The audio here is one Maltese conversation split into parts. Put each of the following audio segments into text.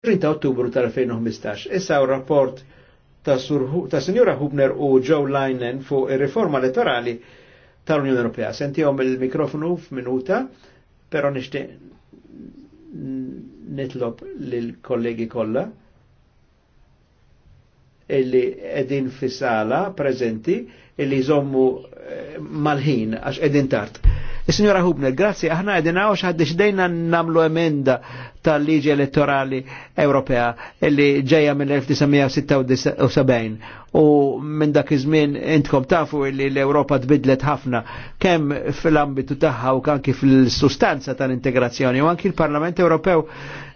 30 ottubru tal-2015. Issa u rapport ta', Sinjora Hubner u Joe Linen fuq ir-riforma elettorali tal-Unjoni Ewropea. Sentihom il-mikrofonu f'minuta, però nixtieq nitlob lil kollegi kollha illi edin fis-sala illi jżommu eh, malħin għax edin tart is Hubner, grazie, aħna għedin u xaħdix dejna namlu emenda tal-liġi elettorali Ewropea li ġeja minn 1976 u minn dak iż-żmien intkom tafu li l-Ewropa tbidlet ħafna kemm fil-ambitu tagħha u anki fil-sustanza tal-integrazzjoni u anki l-Parlament Ewropew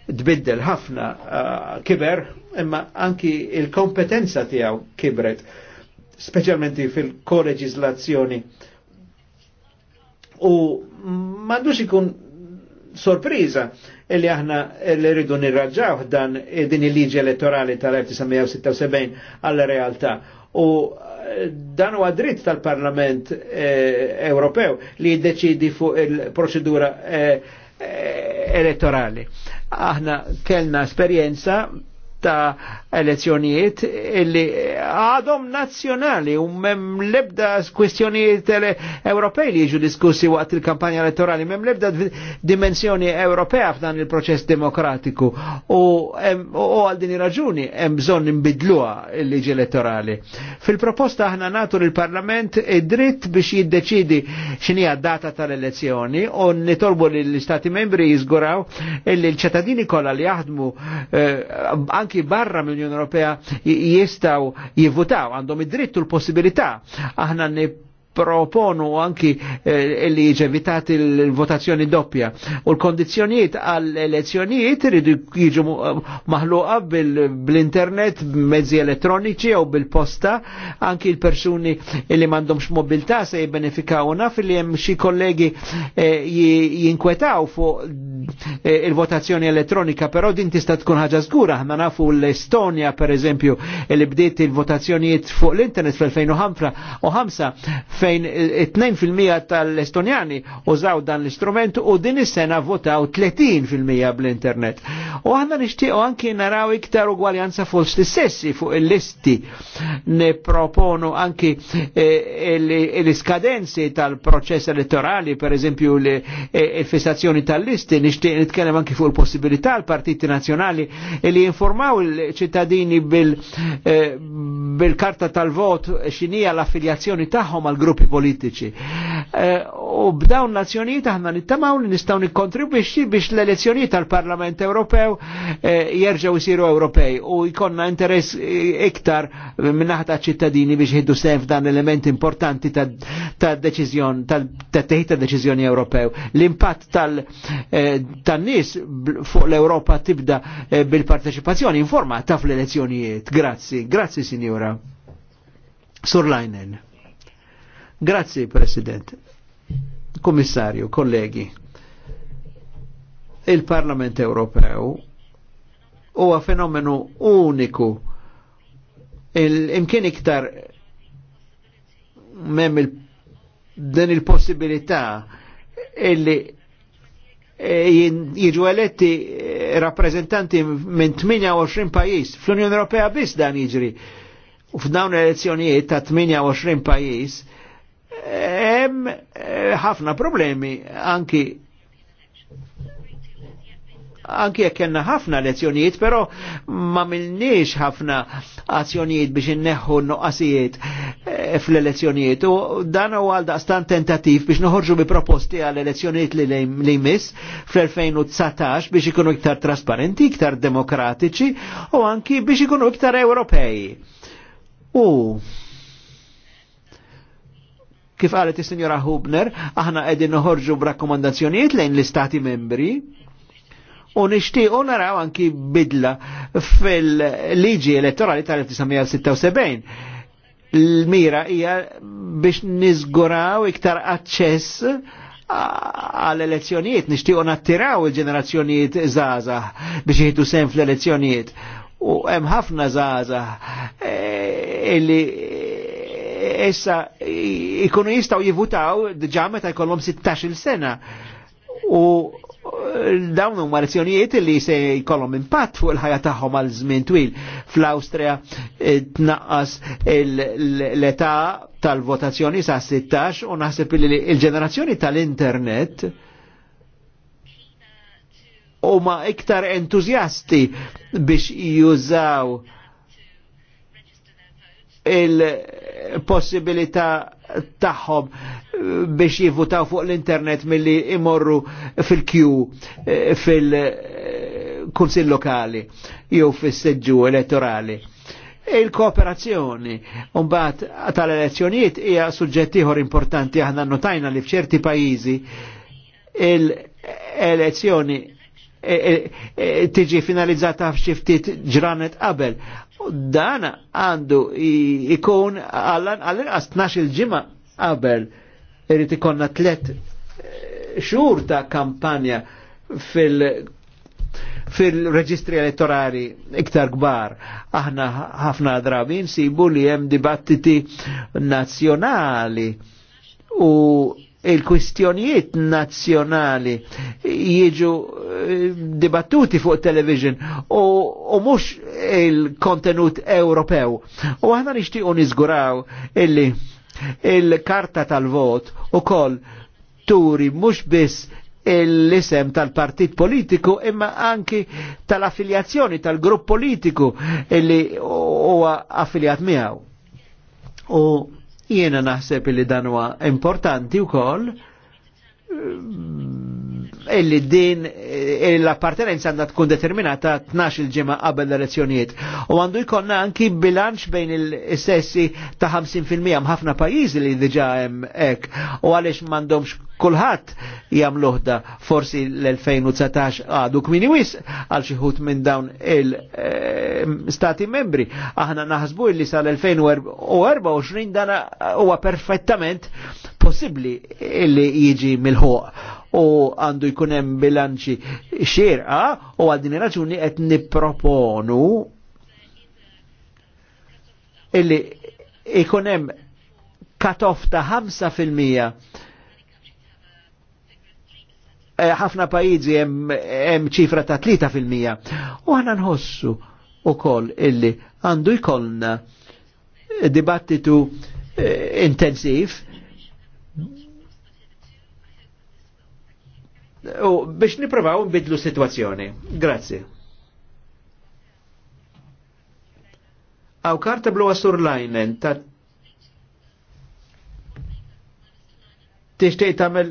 tbiddel ħafna uh, kiber imma anki il-kompetenza tiegħu kibret speċjalment fil-koleġislazzjoni U mandux ikun sorpriza li aħna li rridu nirraġaw dan din il-liġi elettorali tal-1976 għall realtà U eh, dan huwa dritt tal-Parlament eh, Ewropew li jiddeċidi fuq il-proċedura eh, elettorali. Aħna kellna esperjenza ta' elezzjonijiet illi għadhom nazzjonali u mem lebda kwestjonijiet Ewropej li jiġu diskussi waqt il-kampanja elettorali, mem lebda dimensjoni Ewropea f'dan il-proċess demokratiku u għal din raġuni hemm bżonn nbidluha il-liġi elettorali. Fil-proposta aħna natur il parlament id-dritt biex jiddeċidi x'inhi data tal-elezzjoni u nitolbu lill istati membri jiżguraw illi l-ċittadini kollha li jaħdmu eh, anki anki barra mill-Unjoni Ewropea jistaw jivvutaw, għandhom id dritt u l-possibilità. Aħna proponu anki eh, li ġevitat il-votazzjoni doppja. U l kondizjoniet għall-elezzjonijiet rridu jiġu maħluqa bil-internet, mezzi elettroniċi u bil-posta, anki l-persuni li mandomx mobilta se jibbenefikaw naf li jem xie kollegi eh, jinkwetaw fuq eh, il-votazzjoni elettronika, però din tista' tkun ħaġa zgura, ma nafu l estonia per eżempju li bdiet il-votazzjonijiet fuq l-internet fl-2005 u 5 fejn 2% tal-Estonjani użaw dan l-istrument u din is-sena votaw 30% bl-internet. U għanna nishtiqo anki naraw iktar ugwaljanza fuq stessi fuq il-listi. Neproponu anki eh, l-iskadenzi tal-proċess elettorali, per eżempju eh, l-fissazzjoni tal-listi, nishtiq nitkellem anki fuq il-possibilità l-partiti nazjonali li informaw il-ċittadini eh, bil-karta tal-vot xinija l-affiljazzjoni tagħhom għal grupp gruppi politiċi. Eh, u b'dawn l-azzjonijiet aħna nittamaw li nistgħu nikkontribwixxi biex l-elezzjonijiet tal-Parlament Ewropew eh, jerġgħu jsiru Ewropej u jkollna interess eh, iktar minn naħta ċittadini biex jiddu sejf dan element importanti tad-deċiżjon tat-teħid tad-deċiżjoni Ewropew. L-impatt tan-nies fuq l-Ewropa tibda bil-parteċipazzjoni informata fl-elezzjonijiet. Grazzi, grazzi sinjura. Sur Leinen. Grazie President, Commissario, colleghi. Il-Parlament Ewropew huwa fenomenu uniku imkien iktar mem il din il-possibilità illi eh, jiġu eletti eh, rappresentanti minn 28 pajis. Fl-Unjoni Ewropea biss dan jiġri. U f'dawn l-elezzjonijiet ta' 28 pajis hemm eh, ħafna problemi anki anki jekk kellna ħafna lezzjonijiet, però ma milniex ħafna azzjonijiet biex inneħħu noqqasijiet eh, fl-elezzjonijiet. U dan u għal daqstan tentativ biex noħorġu bi proposti għal elezzjonijiet li jmiss fl-2019 biex ikunu iktar trasparenti, iktar demokratiċi u anki biex ikunu iktar Ewropej. U Kif qalet is-Sinjora Hubner, aħna qegħdin noħorġu b'rakkomandazzjonijiet lejn l-Istati membri u nixtiequ naraw anki bidla fil-liġi elettorali tal-1976 l-mira hija biex nizguraw iktar aċċess għal-elezzjonijiet, nixtiequ nattiraw il-ġenerazzjonijiet żgħażagħ biex jieħdu sem fl-elezzjonijiet. U hemm ħafna żgħażagħ eh, illi issa ikunu jistaw jivutaw diġa ta' jkollhom 16 sena. U eh, dawn huma lezzjonijiet li se jkollhom impatt fuq il-ħajja tagħhom għal żmien twil. Fl-Awstrija eh, tnaqqas l-età tal-votazzjoni sa' 16 u naħseb li l-ġenerazzjoni tal-internet huma iktar entużjasti biex jużaw il- possibilità tagħhom biex jivvutaw fuq l-internet milli imorru fil-kju eh, fil-kunsill lokali jew fis-seġġu elettorali. Il-kooperazzjoni mbagħad tal-elezzjonijiet hija suġġett ieħor importanti aħna notajna li f'ċerti pajjiżi l-elezzjoni E, e, e, tiġi finalizzata f'xiftit ġranet qabel. Dan għandu ikun għall għas 12 ġimgħa qabel irid ikonna tlet xhur ta' kampanja fil fil-reġistri elettorali iktar gbar. Aħna ħafna drabin sibu li hemm dibattiti nazzjonali u il-kwistjonijiet nazzjonali jiġu eh, dibattuti fuq television u, u mux il-kontenut Ewropew. U għana nishtiqu nizguraw illi il-karta tal-vot u koll turi mux biss l-isem tal-partit politiku imma anki tal-affiljazzjoni tal-grupp politiku illi huwa affiljat miegħu. U Jiena naħseb li dan huwa importanti wkoll illi din l-appartenenza għandha tkun determinata 12 il-ġimgħa qabel l-elezzjonijiet. U għandu jkollna anki bilanċ bejn il-sessi ta' 50% ħafna pajjiżi li diġà hemm hekk u għaliex m'għandhomx kulħadd loħda forsi l-2019 għadu kmini wis għal xi ħut minn dawn il-stati eh, membri. Aħna naħsbu li sal-2024 dan huwa perfettament possibbli li jiġi mill-ħoq u għandu jkun hemm bilanċi xierqa u għal din raġuni qed nipproponu illi ikun hemm cut-off ta' 5 fil-mija Eh, ħafna pajizi hemm ċifra ta' 3%. U aħna nħossu u ukoll illi għandu jkollna dibattitu eh, intensiv u biex niprovaw nbidlu situazzjoni. Grazie. Aw karta blu għasur lajnen ta' tixtieq tagħmel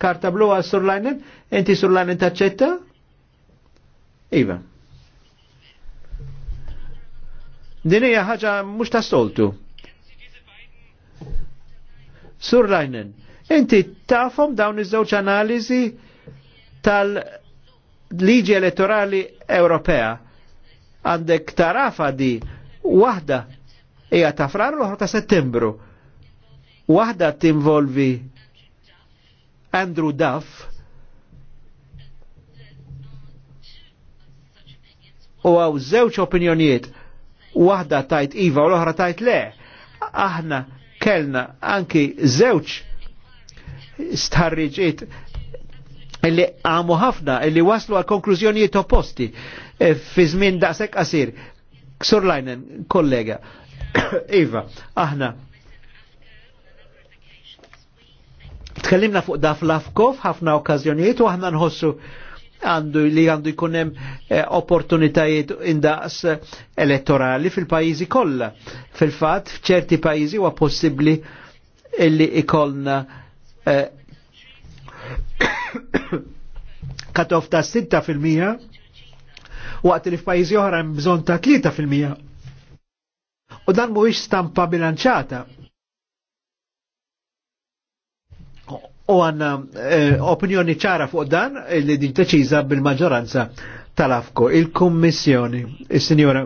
karta blu għal surlajnen, inti surlajnen taċċetta? Iva. Din hija ħaġa mhux ta' soltu. Surlajnen, inti tafhom dawn iż-żewġ analiżi tal-liġi elettorali Ewropea. Għandek tarafa di waħda hija ta' frar l ta' settembru. Waħda tinvolvi Andrew Duff u għaw zewċ opinjoniet wahda tajt Iva u l-oħra tajt le aħna kellna anki zewċ starriġiet illi għamu ħafna illi waslu għal konklużjonijiet opposti e, fi zmin daqsek qasir. Sur Lajnen, kollega, Iva, aħna Tkellimna fuq daf fl ħafna okkażjonijiet u aħna nħossu għandu li għandu jkunem hemm eh, opportunitajiet indaqs eh, elettorali fil-pajizi kollha. Fil-fatt, f'ċerti pajizi huwa possibbli illi ikolna katof eh, ta' 6% waqt li f'pajjiżi oħra hemm bżonn ta' 3%. U dan mhuwiex stampa bilanċata u għanna eh, opinjoni ċara fuq dan li din teċiza bil-maġġoranza tal-afko. Il-Kommissjoni, il-Sinjora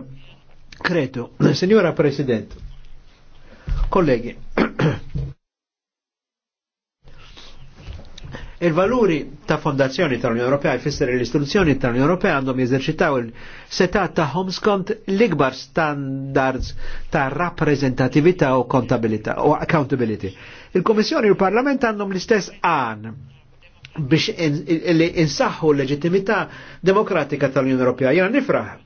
Kretu, Sinjora President, kollegi, Il-valuri ta' fondazzjoni tal-Unjoni Ewropea jfisser l-istituzzjoni tal-Unjoni Ewropea għandhom jeżerċitaw il-setat ta' skont l-ikbar standards ta' rappresentatività u kontabilità u accountability. Il-Komissjoni u l-Parlament għandhom l-istess għan biex li insaħħu l-leġittimità demokratika tal-Unjoni Ewropea. Jena nifraħ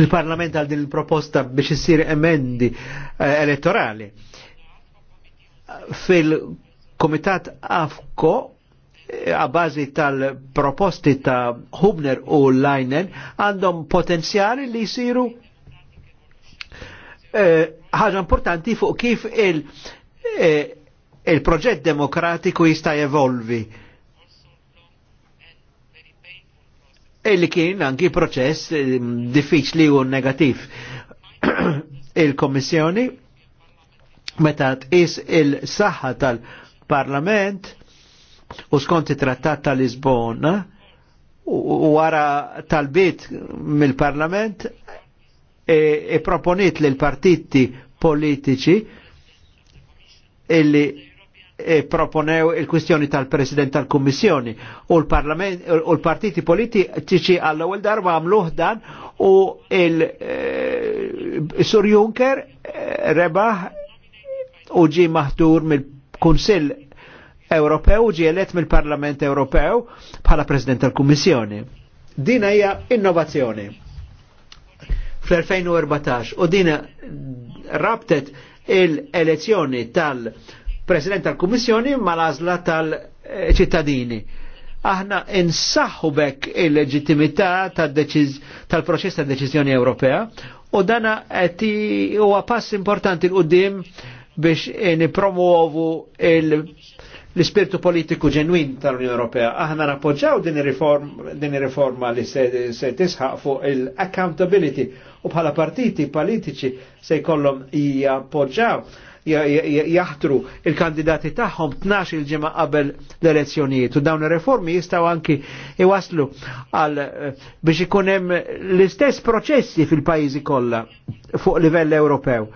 il-Parlament għal din il-proposta biex issir emendi eh, elettorali fil Komitat AFCO għabazi eh, tal-proposti ta' Hubner u Leinen għandhom potenzjali li jisiru eh, ħaġa importanti fuq kif eh, il-proġett demokratiku jista' evolvi. Illi kien anki proċess diffiċli u negativ. il-Kommissjoni meta tqis il-saħħa tal- parlament u skont it-trattat tal-Lisbona u wara tal-bit mill-parlament e, e proponit li l-partiti politiċi illi e proponew il-kwistjoni tal-President tal kommissjoni u l-Parlament u l-partiti politiċi għall-ewwel darba għamluħ dan u il e, Sur Juncker e, rebaħ u ġi maħtur mill kunsill Ewropew ġi elett mill-Parlament Ewropew bħala President tal-Kummissjoni. Din hija innovazzjoni fl-2014 u din rabtet il-elezzjoni tal-President tal-Kummissjoni mal-azla tal-ċittadini. Aħna insaħħu bekk il-leġittimità tal-proċess tal-deċiżjoni Ewropea u dana huwa pass importanti l-qudiem biex eh, nipromuovu l-ispirtu politiku ġenwin tal-Unjoni Ewropea. Aħna nappoġġaw din ir-riforma li se, se tisħaq fuq il-accountability u bħala partiti politiċi se jkollhom jappoġġaw jaħtru il-kandidati tagħhom 12 il-ġimgħa qabel l-elezzjonijiet u dawn ir-reformi jistgħu anki iwaslu għal eh, biex ikun hemm l-istess proċessi fil-pajjiżi kollha fuq livell Ewropew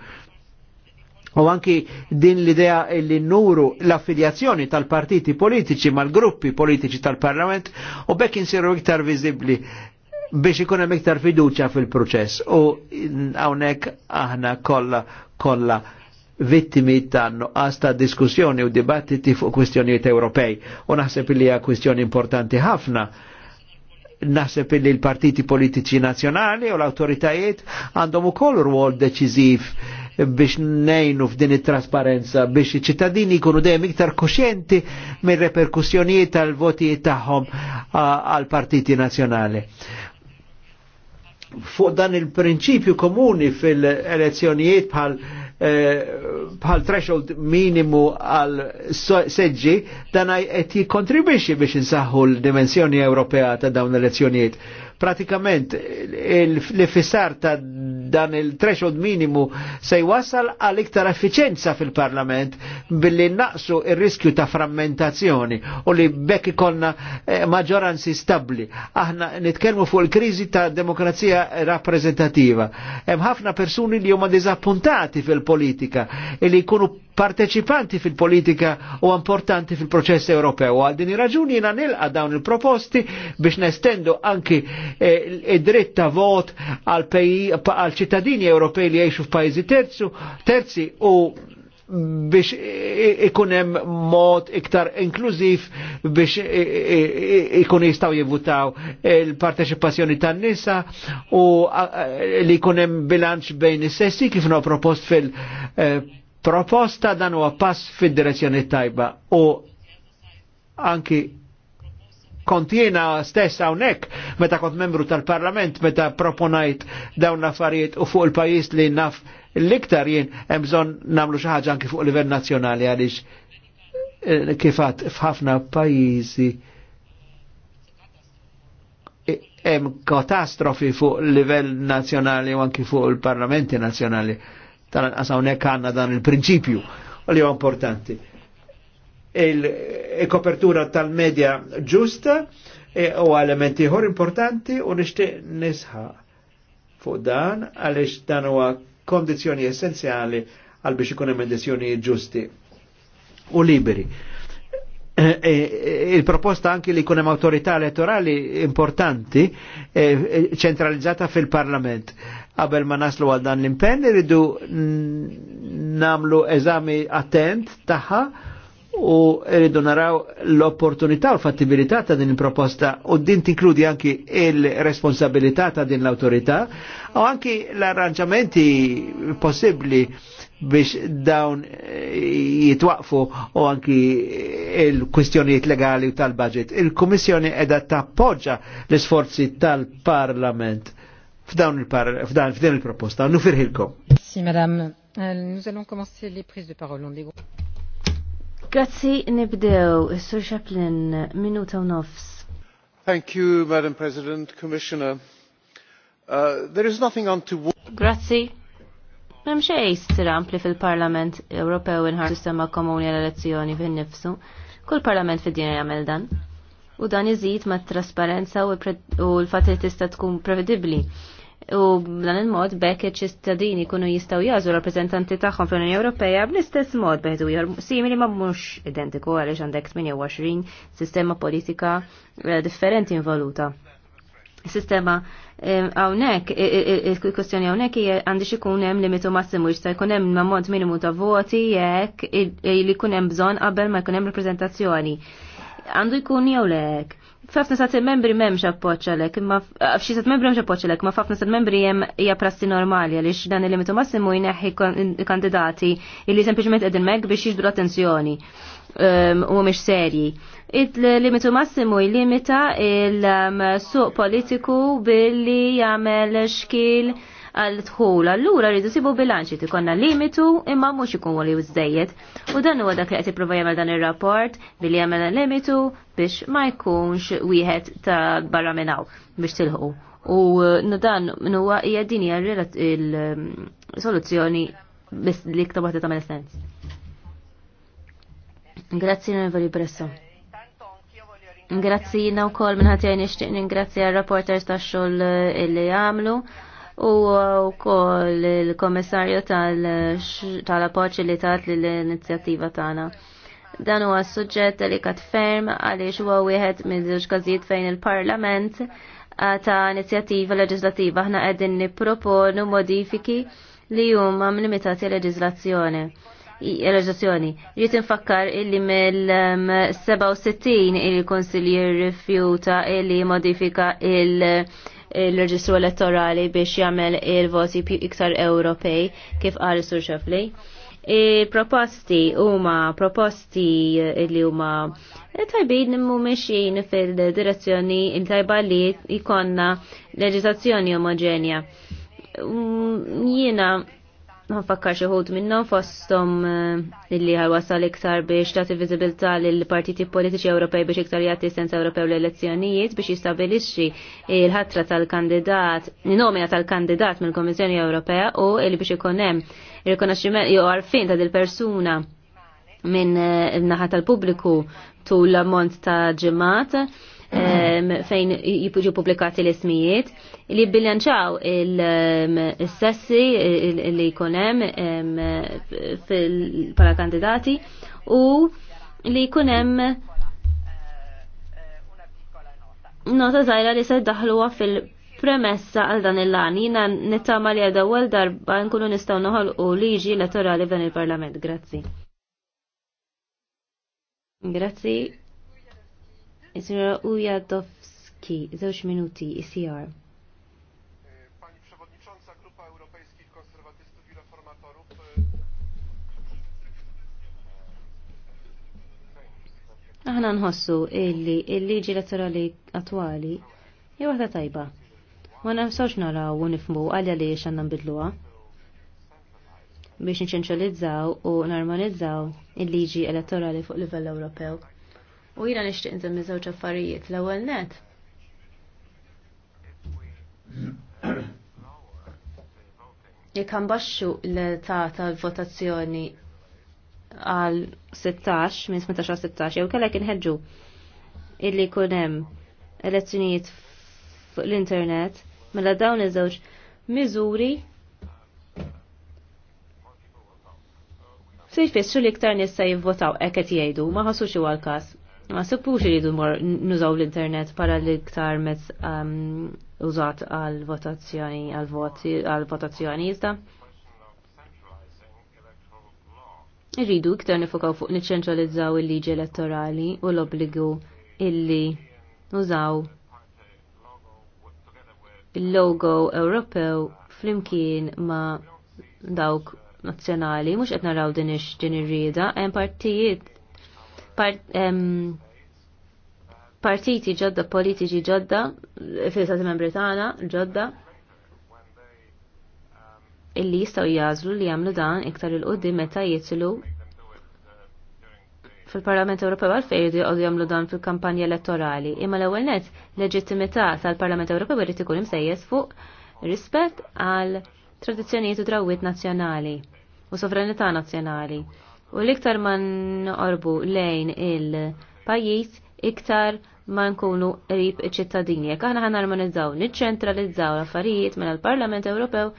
U anki din l-idea li nuru l-affiljazzjoni tal-partiti politiċi mal-gruppi politiċi tal-parlament u bekk insiru iktar viżibbli biex ikun hemm iktar fiduċja fil-proċess. U hawnhekk aħna kollha kollha vittimi ta' għasta diskussjoni u dibattiti fuq kwistjonijiet Ewropej. U naħseb li hija kwistjoni importanti ħafna naħseb li l-partiti politiċi nazjonali u l-autoritajiet għandhom ukoll rwol deċiżiv biex nejnu f'din it-trasparenza biex iċ-ċittadini jkunu dejjem iktar koxjenti mir reperkussjonijiet tal-votijiet tagħhom għal partiti nazzjonali. Fuq dan il-prinċipju komuni fil-elezzjonijiet bħal eh, bħal eh, threshold minimu għal seġġi dan qed jikkontribwixxi biex insaħħu l-dimensjoni Ewropea ta' dawn l-elezzjonijiet pratikament l-fissar ta' dan il-threshold minimu se jwassal għal iktar effiċenza fil-parlament billi naqsu il-riskju ta' frammentazzjoni u li bekk ikolna eh, maġoranzi stabli. Aħna nitkellmu fuq il krizi ta' demokrazija rappresentativa. Hemm ħafna persuni li huma diżappuntati fil-politika e li jkunu parteċipanti fil-politika u importanti fil-proċess Ewropew. Għal din raġuni jina nilqa dawn il-proposti biex nestendu anki eh, id-dritt ta' vot għal ċittadini Ewropej li jgħixu f'pajjiżi terzi u biex ikunem mod iktar inklużiv biex ikun jistaw jivutaw il-parteċipazzjoni tan nisa u li ikunem bilanċ bejn is-sessi kif no propost fil-proposta eh, dan huwa pass fil direzzjoni tajba u anki kontjena stess hawnhekk meta kont membru tal-Parlament meta proponajt dawn l-affarijiet u fuq il-pajjiż li naf l-iktar jien hemm namlu nagħmlu xi ħaġa fuq livell nazzjonali għaliex eh, kifat f'ħafna pajjiżi eh, hemm katastrofi fuq livell nazzjonali u anki fuq il-parlamenti nazjonali. Tal-anqas hawnhekk għandna dan il-prinċipju li huwa importanti. Il-kopertura tal-medja ġusta eh, u elementi ieħor importanti u nixtieq nisħaq fuq dan għaliex dan huwa kondizjoni essenzjali għal biex ikun emendizjoni ġusti u liberi. Eh, eh, il-proposta anki li kunem autorità elettorali importanti eh, ċentralizzata fil-parlament. Qabel ma naslu għal dan l-impenn irridu namlu eżami attent taħħa u rridu naraw l-opportunità u l-fattibilità ta' din il-proposta u din tinkludi anki il-responsabilità ta' din l-autorità u anki l-arranġamenti possibli biex dawn eh, jitwaqfu u anki il-kwistjonijiet legali u tal-budget. il komissjoni edha tappoġġa l sforzi tal-Parlament f'dawn il-proposta. Il Nufirħilkom. Sì, madame. Eh, nous allons commencer les prises de parole. Grazzi nibdew, Sir Chaplin, minuta u nofs. Thank you, Madam President, Commissioner. Uh, there is nothing untoward. Grazzi. Mem xej ampli fil-Parlament Ewropew inħar sistema komuni għal-elezzjoni fin nifsu. Kull parlament fid-dinja jagħmel dan. U dan iżid ma' trasparenza u l-fatt tista' tkun prevedibbli u b'dan il-mod bekk iċ-ċittadini kunu jistaw jazu rappresentanti tagħhom fl-Unjoni Ewropea bl-istess mod jor simili ma mhux identiku għaliex għandek 28 sistema politika eh, differenti involuta. Sistema eh, hawnhekk eh, il-kwestjoni hawnhekk hija għandix ikun hemm limitu massimu jista' jkun hemm ammont minimu ta' voti jekk li jkun hemm bżonn qabel ma jkun hemm rappreżentazzjoni. Għandu jkun jew lek Fafna sa' membri memx appoċalek, ma f'xi sa' membri memx appoċalek, ma fafna sa' membri jem hija prassi normali għaliex dan il-limitu massimu jneħħi kandidati illi sempliċement qegħdin meg biex jiġdu l-attenzjoni um, u mhix serji. Il-limitu massimu jlimita il-suq um, politiku billi jagħmel xkil għal tħul, allura rridu sibu bilanċi tikonna limitu imma mhux ikun li żejjed. U dan huwa dak li qed jipprova jagħmel dan ir-rapport billi jagħmel limitu biex ma jkunx wieħed ta' barra minnaw biex tilħu. U uh, dan huwa hija din hija il-soluzzjoni um, biss li ktab waħda tagħmel sens. Grazzi onorevoli Bresso. Grazzi jina u kol jajni xtiqni, nishtiq għal rapporters ta' xol uh, illi għamlu u wkoll uh, il-Komissarju tal-appoġġ li tat l-inizjattiva tagħna. Dan huwa suġġett li kat ferm għaliex huwa wieħed minn żewġ każijiet fejn il-Parlament uh, ta' inizjattiva leġislattiva aħna qegħdin nipproponu modifiki li huma limitati leġislazzjoni reġazzjoni. Jrid infakkar illi mill-67 um, il-Konsiljer rifjuta illi modifika il- l-reġistru elettorali biex jagħmel il-voti iktar Ewropej kif qal Sur Xafli. Proposti huma proposti li huma tajbin mhumiex fil-direzzjoni intajba li jkollna leġiżazzjoni omogenja. Mm, jiena nfakkar xi ħud minnhom fosthom eh, illi ħarwasal iktar biex tagħti viżibilità lil partiti politiċi Ewropej biex iktar jagħti sens Ewropew l-elezzjonijiet biex jistabilixxi il-ħatra tal-kandidat, nomina tal-kandidat mill kummissjoni Ewropea u illi biex ikun hemm ir-rikonoxximent jew għarfien ta' dil-persuna minn eh, naħa tal-pubbliku tul l-ammont ta' ġimgħat eh, fejn jiġu pubblikati l-ismijiet li bilanċaw il-sessi um, li jkunem um, pala kandidati u li jkunem nota zaħira li se daħluwa fil- premessa għal dan il-lan jina nittama li għada għal darba nkunu nistaw noħol u liġi elettorali f'dan il-parlament. Grazzi. Grazzi. Isra Ujadowski, zewx minuti, ICR. Aħna nħossu illi il-liġi elettorali attwali hija waħda tajba. Ma nafsawx naraw u nifmu għalja li għandna nbidluha biex niċċentralizzaw u normalizzaw il-liġi elettorali fuq livell Ewropew. U jina nixtieq nżemmi żewġ affarijiet l-ewwel net. Jekk baxxu l-ta' tal-votazzjoni għal 16, minn 18 għal 16, jew kellek inħedġu illi kunem elezzjonijiet fuq l-internet, mela dawn iż-żewġ miżuri se jfissru li ktar nista jivvotaw hekk qed jgħidu, ma ħassux huwa l-każ. Ma suppux li mor nużaw l-internet para li ktar mezz um, użat għal votazzjoni għal votazzjoni iżda Irridu iktar nifokaw fuq niċċentralizzaw il-liġi elettorali u l-obbligu illi nużaw il-logo Ewropew flimkien ma' dawk nazzjonali, mhux qed naraw din din ir-rieda, hemm partijiet partiti ġodda politiċi ġodda fil sat Membri ġodda illi jistgħu jażlu li jagħmlu dan iktar il-qudiem meta jitlu fil-Parlament Ewropew għalfejn jridu jgħodu jagħmlu dan fil-kampanja elettorali. Imma l-ewwel net leġittimità tal-Parlament Ewropew irid ikun imsejjes fuq rispett għal tradizzjonijiet u drawwiet nazzjonali u sovranità nazzjonali. U l-iktar ma nqorbu lejn il-pajjiż iktar ma nkunu qrib iċ-ċittadini. Jekk aħna ħanarmonizzaw, niċċentralizzaw l-affarijiet minn l-Parlament Ewropew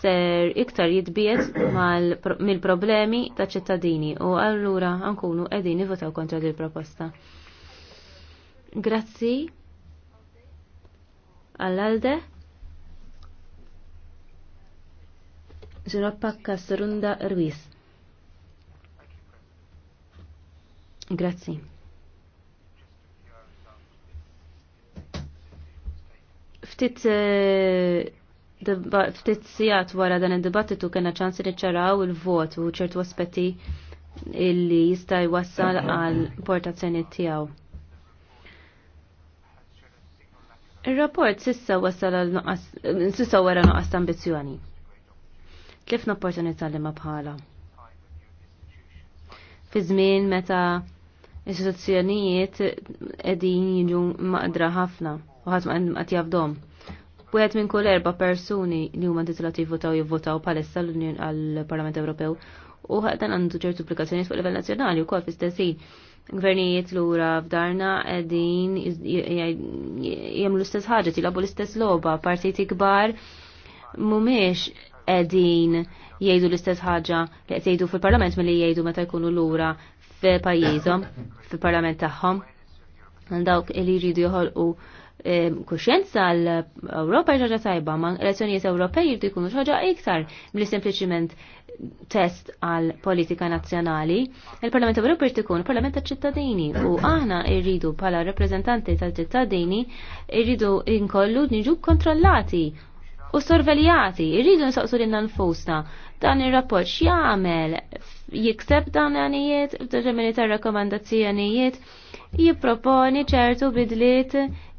ser iktar jitbiet mill-problemi ta' ċittadini u allura ankunu qegħdin nivotaw kontra dil proposta. Grazzi għall-alde. Ġiroppa Kasserunda Ruiz. Grazzi. Ftit eh, ftit sigħat wara dan id-dibattitu kena ċansi niċċaraw il-vot u ċertu aspetti illi jista' jwassal għal portazzjoni tiegħu. ir rapport sissa wasal għal sissa wara nuqqas ambizzjoni. Kif n-opportunità li ma bħala? Fi żmien meta istituzzjonijiet qegħdin jiġu maqdra ħafna u ħadd ma qed jafdhom. Wieħed minn kull erba' persuni li huma titulati jivvotaw jivvotaw palissa l-Unjon għall-Parlament Ewropew u dan għandu ċertu plikazzjoni fuq livell nazzjonali wkoll fl-istessin. Gvernijiet lura f'darna qegħdin jagħmlu l-istess ħaġa, tilabu l-istess logħba, partiti kbar mhumiex qegħdin jgħidu l-istess ħaġa li qed jgħidu fil-Parlament milli jgħidu meta jkunu lura fil-pajjiżhom fil-Parlament tagħhom. Għal dawk li jridu joħolqu kuxjenza l-Europa ħaġa tajba, ma elezzjonijiet Ewropej jirdu jkunu ħaġa iktar mill sempliciment test għal politika nazzjonali. Il-Parlament Ewropej jirdu jkun Parlament ta' ċittadini u aħna irridu bħala rappresentanti tal ċittadini irridu inkollu nġu kontrollati u sorvelijati, irridu nsaqsu l nfusna dan ir-rapport x'jagħmel jikseb dan għanijiet, f'determini tar-rakkomandazzjonijiet, jipproponi ċertu bidliet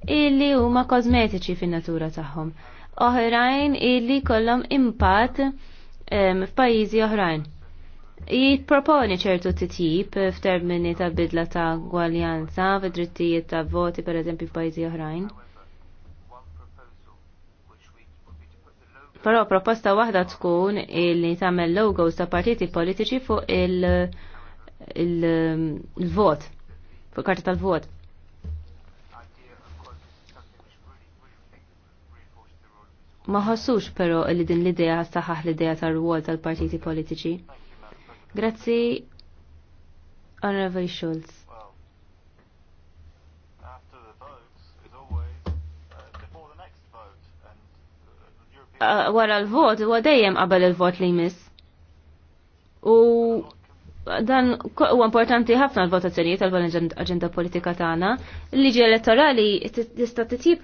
illi huma kozmetiċi fin-natura tagħhom. Oħrajn illi kollhom impatt ehm, f'pajjiżi oħrajn. Jitproponi ċertu titjib f'termini ta' bidla ta' gwaljanza, f'drittijiet ta' voti per eżempju f'pajjiżi oħrajn. Però proposta waħda tkun illi tagħmel logos ta' partiti politiċi fuq il-vot, il, il, il fuq karta tal-vot. Ma ħossux però li din l-idea saħaħ l-idea tar ruol tal-partiti politiċi. Grazzi, Honorable Schultz. Uh, wara l-vot, huwa dejjem qabel il-vot li jmiss. U dan huwa importanti ħafna l-votazzjonijiet tal-aġenda politika tagħna. Il-liġi elettorali tista' titjib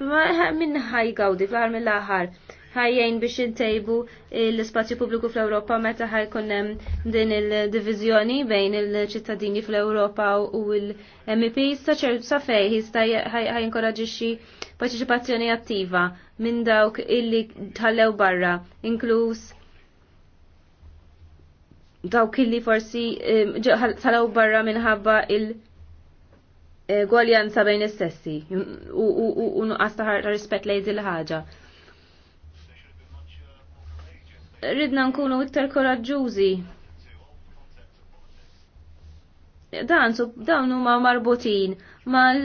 minn ħajgawdi fl-aħħar mill-aħħar ħajjajn biex intejbu l-spazju pubbliku fl-Ewropa meta ħajkun hemm din il-diviżjoni bejn il-ċittadini fl-Ewropa u l mep sa safej jista' ħajinkoraġixxi parteċipazzjoni attiva minn dawk illi tħallew barra, inkluż dawk illi forsi eh, tħallew barra minħabba il- eh, gwaljanza bejn istessi u nuqqas ta' rispett lejn il ħaġa ridna nkunu iktar koraġġużi. Dan, su, dawn huma marbutin mal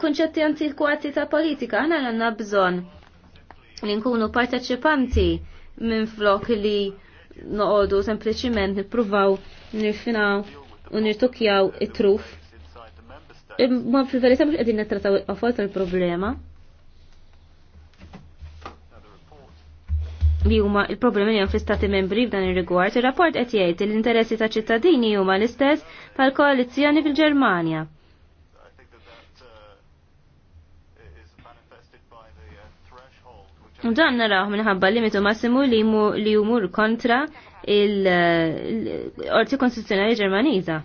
kunċetti antikwati ta' politika, aħna għandna bżonn li nkunu parteċipanti minn flok li noqogħdu sempliċement nippruvaw nirfinaw u nirtukjaw it-truf. Ma fil-verità mhux qegħdin nittrataw il problema li huma il-problemi li fl-istati membri f'dan il rigward il rapport qed jgħid li l-interessi ta' ċittadini huma l-istess tal-koalizzjoni fil-Ġermanja. U dan naraw minħabba limitu massimu li li jmur kontra il-Orti konstituzjonali Ġermaniza.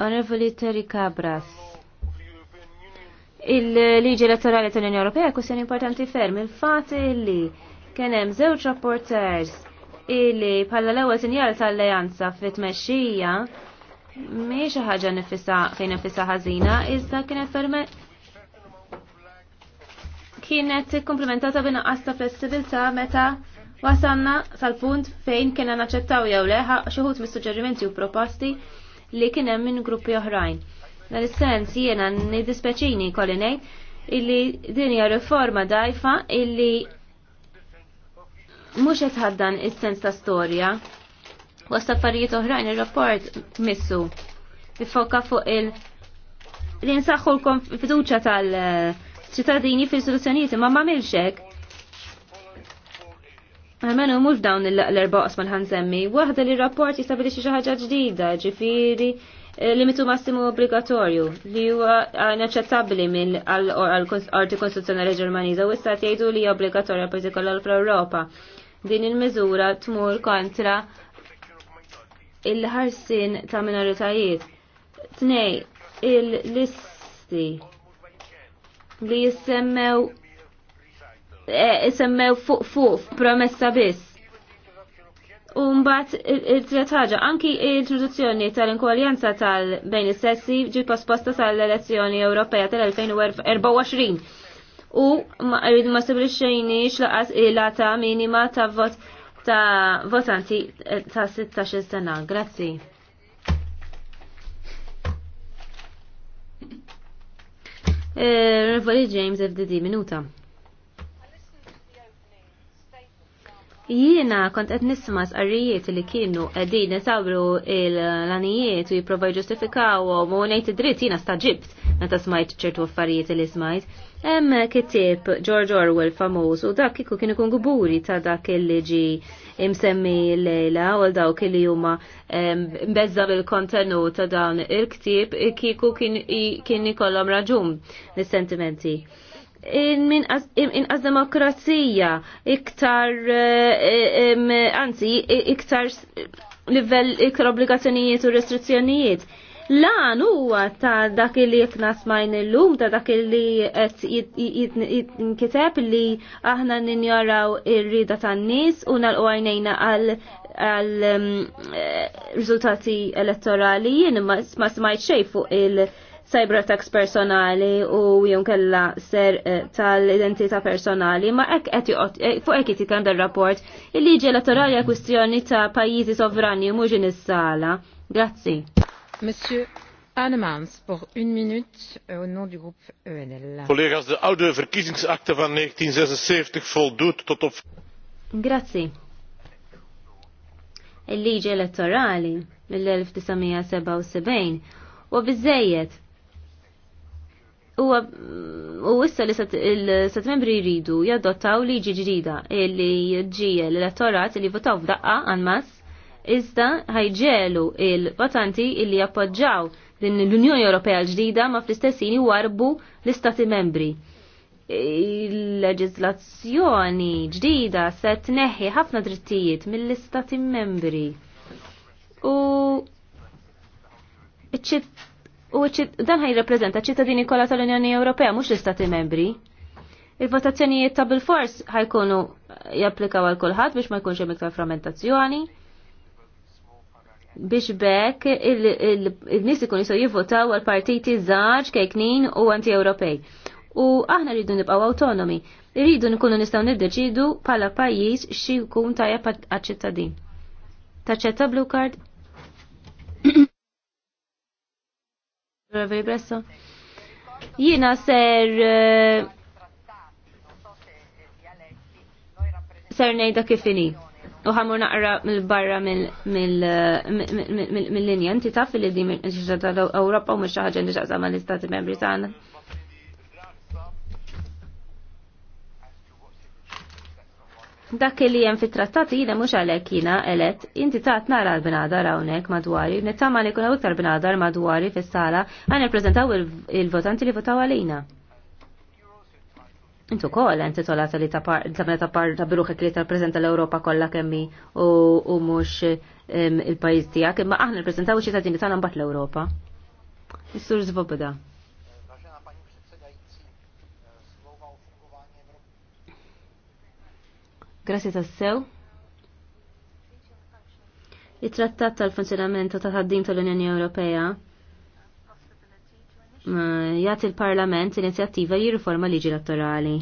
Onorevoli Terry Cabras. Il-liġi elettorali tal-Unjoni Ewropea kwestjoni importanti ferm il-fatt li kien hemm żewġ rapporters illi bħala l-ewwel sinjal tal-alleanza fit-tmexxija mhix xi ħaġa nifissa fejn nifissa ħażina, iżda kienet ferme kienet komplementata b'inqas ta' flessibilità meta wasanna sal-punt fejn kienna naċċettaw jew le xi ħut mis-suġġerimenti u proposti li kien hemm minn gruppi oħrajn Dan is-sens jiena nidispeċini kolli ngħid illi din hija riforma dajfa illi mhux qed ħaddan is-sens ta' storja. Wast affarijiet oħrajn ir-rapport missu. Ifoka fuq il- li nsaħħu l-fiduċa tal-ċittadini fil-soluzzjonijiet imma ma' milxek. Għamenu mux dawn l erbaqs ma' l ħanżemmi wahda li rapport jistabili xi ħaġa ġdida, ġifiri Eh, limitu massimu obbligatorju li huwa eh, inaċċettabbli minn għall Arti Konstituzzjonali Ġermaniża u issa jgħidu li hija obbligatorja kollha fl-Ewropa. Din il-miżura tmur kontra il-ħarsin ta' minoritajiet. Tnej, il-listi li jissemmew eh, jissemmew fuq fuq promessa biss U mbagħad il-tret ħaġa, anki l-introduzzjoni tal-inkwaljanza tal bejn is-sessi ġi posposta tal-elezzjoni Ewropea tal-2024. U ma rridu ma stabilxejni xlaqas il-lata minima ta' vot ta' votanti eh, ta' 16 sena. Grazzi. Eh, Rivoli James FDD minuta. Jiena kont qed nisma' sqarrijiet li kienu qegħdin isawru l-anijiet u jipprovaw ġustifikawhom u ngħid id-dritt jiena staġibt meta smajt ċertu affarijiet li smajt. Hemm kitieb George Orwell famuż u dak kieku kien ikun guburi ta' dak il-liġi imsemmi lejla u dawk li huma mbeżza bil-kontenut ta' dawn il-ktieb kieku kien ikollhom raġun mis-sentimenti. In inqas demokrazija, iktar, eh, eh, anzi, iktar livell, iktar obbligazzjonijiet u restrizzjonijiet. Lan huwa ta' dak li jekk nasmajn illum, ta' dak li jitkiteb li aħna ninjaraw ir-rida tan-nies u nalqu għajnejna għal għal eh, riżultati elettorali jien ma smajt xejn fuq il- cyber attacks personali u jom kella ser eh, tal-identità personali, ma ek eh, fuq ek jti kanda rapport il-liġi elettorali kwistjoni ta' pajizi sovrani muġin is-sala. Grazzi. Monsieur Annemans, voor een minuut euh, au nom du groupe ENL. Collega's, de oude verkiezingsakte van 1976 voldoet tot op... Grazzi. Il-liġi elettorali mill-1977 u bizzejiet U issa li il-sat membri jridu jadottaw liġi ġdida li ġie l-elettorat li votaw f'daqqa għanmas iżda ħajġelu il-votanti li jappoġġaw din l-Unjoni Ewropea l-ġdida ma fl istessini warbu l-istati membri. Il-leġizlazzjoni ġdida se tneħħi ħafna drittijiet mill-istati membri. U u dan reprezenta ċittadini kollha tal-Unjoni Ewropea mhux l-Istati membri. Il-votazzjonijiet ta' bil-fors ħajkunu eh, japplikaw għal kulħadd biex ma jkunx hemm iktar frammentazzjoni biex bekk il-nies ikun jistgħu jivvotaw għal partiti żgħar kejknin u anti-Ewropej. U aħna rridu nibqgħu autonomi, rridu nkunu nistgħu niddeċidu bħala pajjiż xi jkun tajjeb għaċ-ċittadin. Taċċetta blue card? Jina ser eh, ser nejda kifini. U ħamur naqra mill-barra mill-linja. Nti taf li di minn ta l-Europa u mux ħagġa nġaqsa ma l-Istati Membri tagħna. dak li jem fit trattati jina mux għalek jina elet, inti taħt nara l-binadar għawnek madwari, nittama li kuna uktar binadar madwari fis sala għan reprezentaw il-votanti li votaw għalina. Intu kol, inti tolat li tabna ta' par ta' biruħek li ta' l-Europa kolla kemmi u mux il-pajiz tijak, imma aħna reprezentaw ċittadini tagħna mbagħad l-Europa. Is-sur Zvoboda. Grazie tassew. Il-trattat tal-funzionamento ta' ħaddim tal-Unjoni Ewropea jagħti il-Parlament inizjattiva jirriforma liġi elettorali.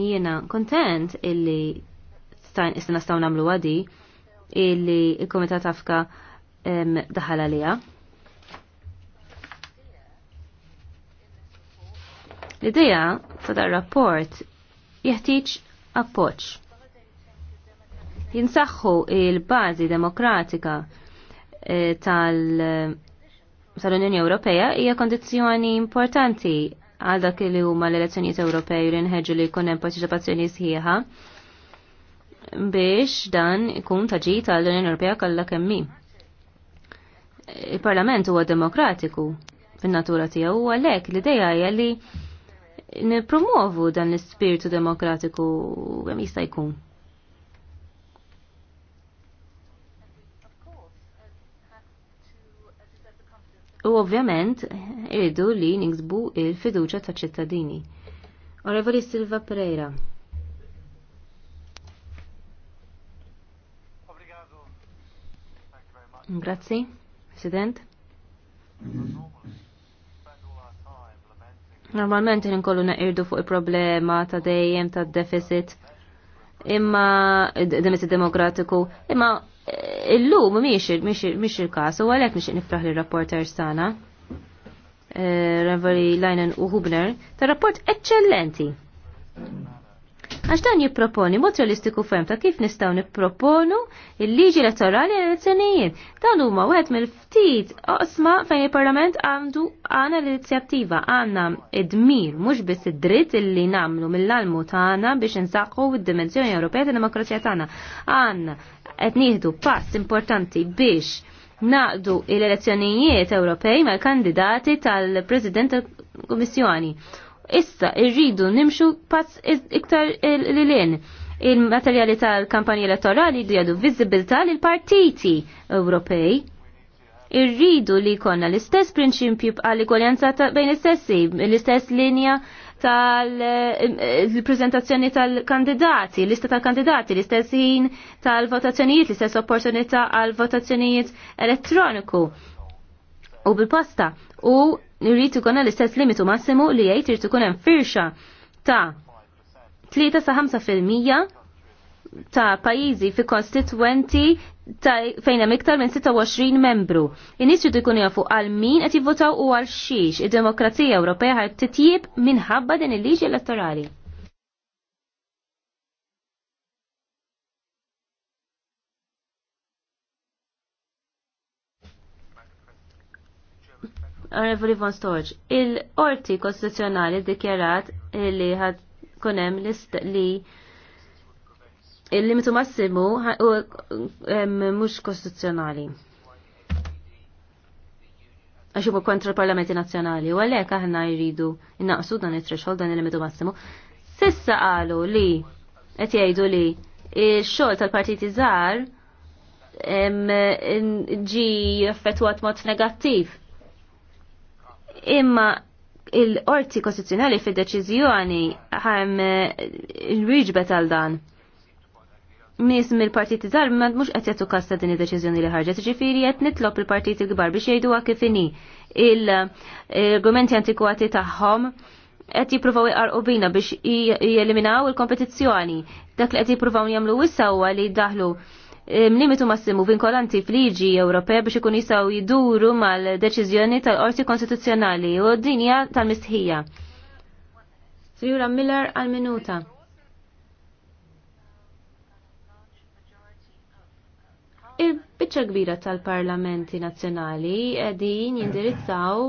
Jiena kontent illi istina staw namlu għadi illi il-Komitat Afka daħal għalija. L-ideja ta' dar rapport jeħtieġ appoġġ. Jinsaħħu il-bażi demokratika eh, tal- unjoni Ewropea hija kondizzjoni importanti għal dak li huma l-elezzjonijiet Ewropej li nħeġġu li jkun hemm partecipazzjoni sħiħa biex dan ikun taġi tal-Unjoni Ewropea kollha kemm Il-Parlament huwa demokratiku fin-natura tiegħu u għalhekk l-idea hija li nipromovu dan l-spiritu demokratiku għem jista' jkun. U ovvjament irridu li niksbu il-fiduċa ta' ċittadini. Onorevoli Silva Pereira. Grazie, President. Mm -hmm. Normalment inkollu naqirdu fuq il-problema ta' dejjem ta' deficit imma deficit demokratiku imma eh, illum miex il-kas u għalek miex nifraħ li rapporter sana eh, Reveri Leinen u Hubner ta' rapport eccellenti Għax dan jipproponi mod realistiku fem ta' kif nistgħu nipproponu il-liġi elettorali l-elezzjonijiet. Dan huma wieħed mill-ftit qosma fejn il-Parlament għandu għana l-inizjattiva għandna id-dmir mhux biss id-dritt illi nagħmlu mill-almu tagħna biex insaqqu id-dimensjoni Ewropea tad-demokrazija tagħna. Għandna qed nieħdu pass importanti biex naqdu l-elezzjonijiet Ewropej mal-kandidati tal-President tal-Kummissjoni issa irridu nimxu pazz iktar lilin. Il-materjali tal-kampanji elettorali jgħadu vizibilta l partiti Ewropej. Irridu li konna l-istess prinċipju għall-igwaljanza bejn istessi, l-istess linja tal-prezentazzjoni tal-kandidati, l lista tal-kandidati, l-istess ħin tal-votazzjonijiet, l-istess opportunità għal votazzjonijiet elettroniku u bil-posta u irrid ikun l-istess limitu massimu li jgħid irid ikun hemm firxa ta' 3 sa 5% ta' pajjiżi fi konstituenti ta' fejn hemm iktar minn 26 membru. In-nies jridu jkunu jafu għal min qed jivvotaw u għal xiex. Id-demokrazija Ewropea ħadd titjieb minħabba din il-liġi elettorali. Onorevoli Von Storch, il-orti kostituzzjonali dikjarat li ħad konem list li il-limitu massimu mux kostituzzjonali. Għaxibu kontra l-parlamenti nazjonali, u għalek aħna jridu innaqsu dan il-threshold dan il-limitu massimu. Sissa qalu li, qed jgħidu li, il-xol tal-partiti żgħar ġi effettwat mod negattiv imma il-qorti kostituzzjonali fid deċiżjoni ħam eh, il-riġbet għal dan. Nis mill-partiti żgħar ma mhux qed jagħtu din id-deċiżjoni li ħarġet, ġifieri qed nitlob il-partiti kbar biex jgħiduha kif inhi il-argumenti antikwati tagħhom qed jippruvaw jqarqu bina biex jeliminaw il-kompetizzjoni. Dak li qed jippruvaw jagħmlu issa huwa li jdaħlu mnimitu massimu vinkolanti f'liġi Ewropea biex ikun jisaw jiduru mal-deċiżjoni tal-Qorti konstituzjonali u d-dinja tal-mistħija. Sinjura Miller għal-minuta. Il-bicċa kbira tal-parlamenti nazzjonali għedin jindirizzaw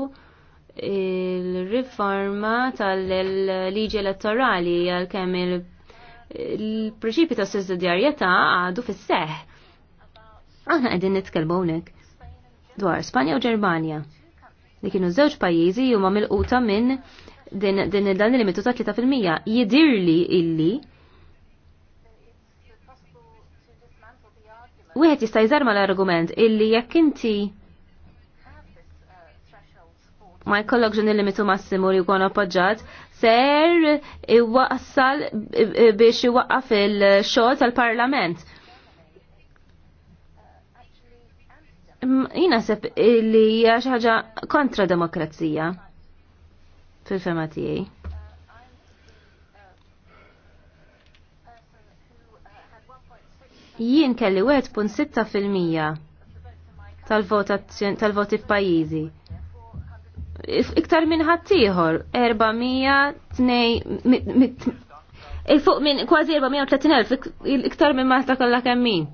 il-riforma tal-liġi elettorali għal-kemm il- il-prinċipi ta' sussidjarjetà għadu fis-seħ. Aħna qegħdin nitkellmu hawnhekk dwar Spanja u Ġermanja li kienu żewġ pajjiżi huma milquta minn din dan il-limitu ta' 3% jidirli illi wieħed jista' jżar l-argument illi jekk inti ma jkollok ġun il-limitu massimu li jkun appoġġat, ser iwassal biex iwaqqaf il-xogħol tal-Parlament. Jina sepp li hija xi ħaġa kontra demokrazija fil-fema tiegħi. Jien kelli 1.6 fil-mija tal-voti f'pajjiżi iktar minn ħattijħor, 400 il fuq minn kważi 430.000 iktar minn maħta kollha kemm min.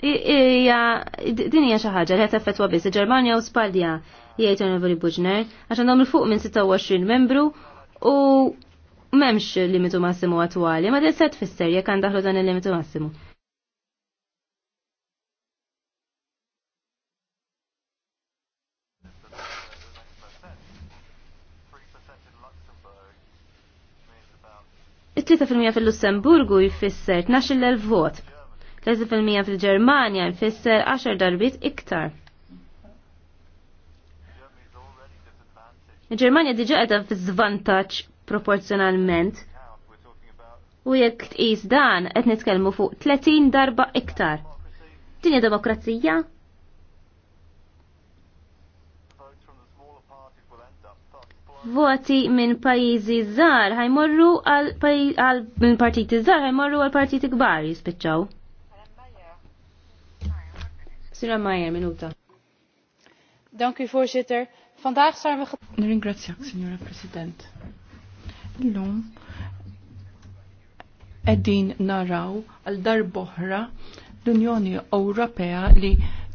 Ija, din hija xi ħaġa li qed effettwa biss il-Ġermanja u Spalja jgħid Onorevoli Buġner għax għandhom il fuq minn 26 membru u memx limitu massimu attuali, ma d-set fisser jek għan dan il-limitu massimu. Il-3% fil-Lussemburgu jfisser 12.000 vot. 3% fil-Germania jfisser 10 darbit iktar. Il-Germania diġa għedha f zvantaċ proporzjonalment. U jekk tqis dan qed nitkellmu fuq 30 darba iktar. Din hija demokrazija? Voti minn pajjiżi żgħar ħajmorru għal minn partiti żgħar ħajmorru għal partiti kbar jispiċċaw. Sira Majer, minuta. Dank u voorzitter. Vandaag zijn we... Ringrazzjak, signora president. Illum qegħdin naraw għal darboħra l-Unjoni Ewropea li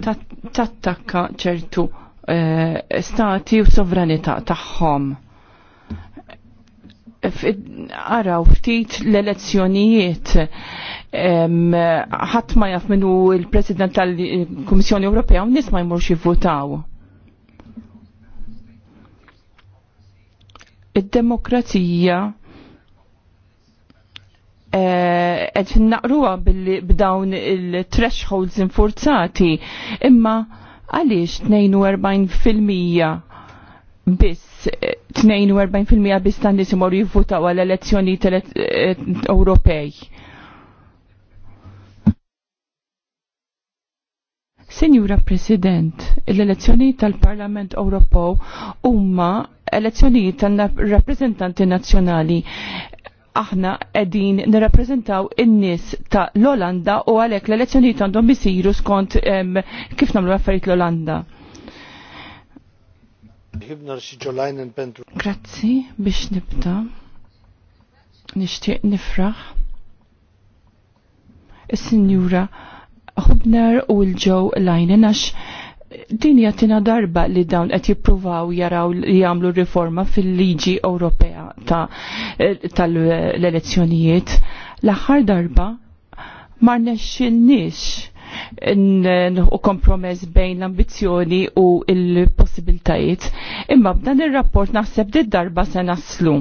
tattakka ċertu eh, stati u sovranità tagħhom. Araw ftit l-elezzjonijiet ħadd ma jaf minnu l-President tal-Kummissjoni Ewropea u nies ma jmurx jivvutaw id-demokrazija eh, qed billi b'dawn il-thresholds infurzati imma għaliex 42% biss 42% biss tan nies imorru jivvuta għal elezzjoni eh, Ewropej. Senjura President, l-elezzjoni tal-Parlament Ewropew huma elezzjonijiet tal-rappresentanti nazzjonali aħna edin nirrappreżentaw in-nies ta' l-Olanda u għalhekk l-elezzjonijiet għandhom isiru skont kif nagħmlu affarijiet l-Olanda. Grazzi biex nibda. Nixtieq nifraħ. Is-Sinjura Hubner u l-ġew għax din jattina darba li dawn qed jippruvaw jaraw li jagħmlu riforma fil-liġi Ewropea tal-elezzjonijiet. L-aħħar darba ma nexxinniex u kompromess bejn l-ambizjoni u l-possibiltajiet. Imma b'dan ir-rapport naħseb dit darba se naslu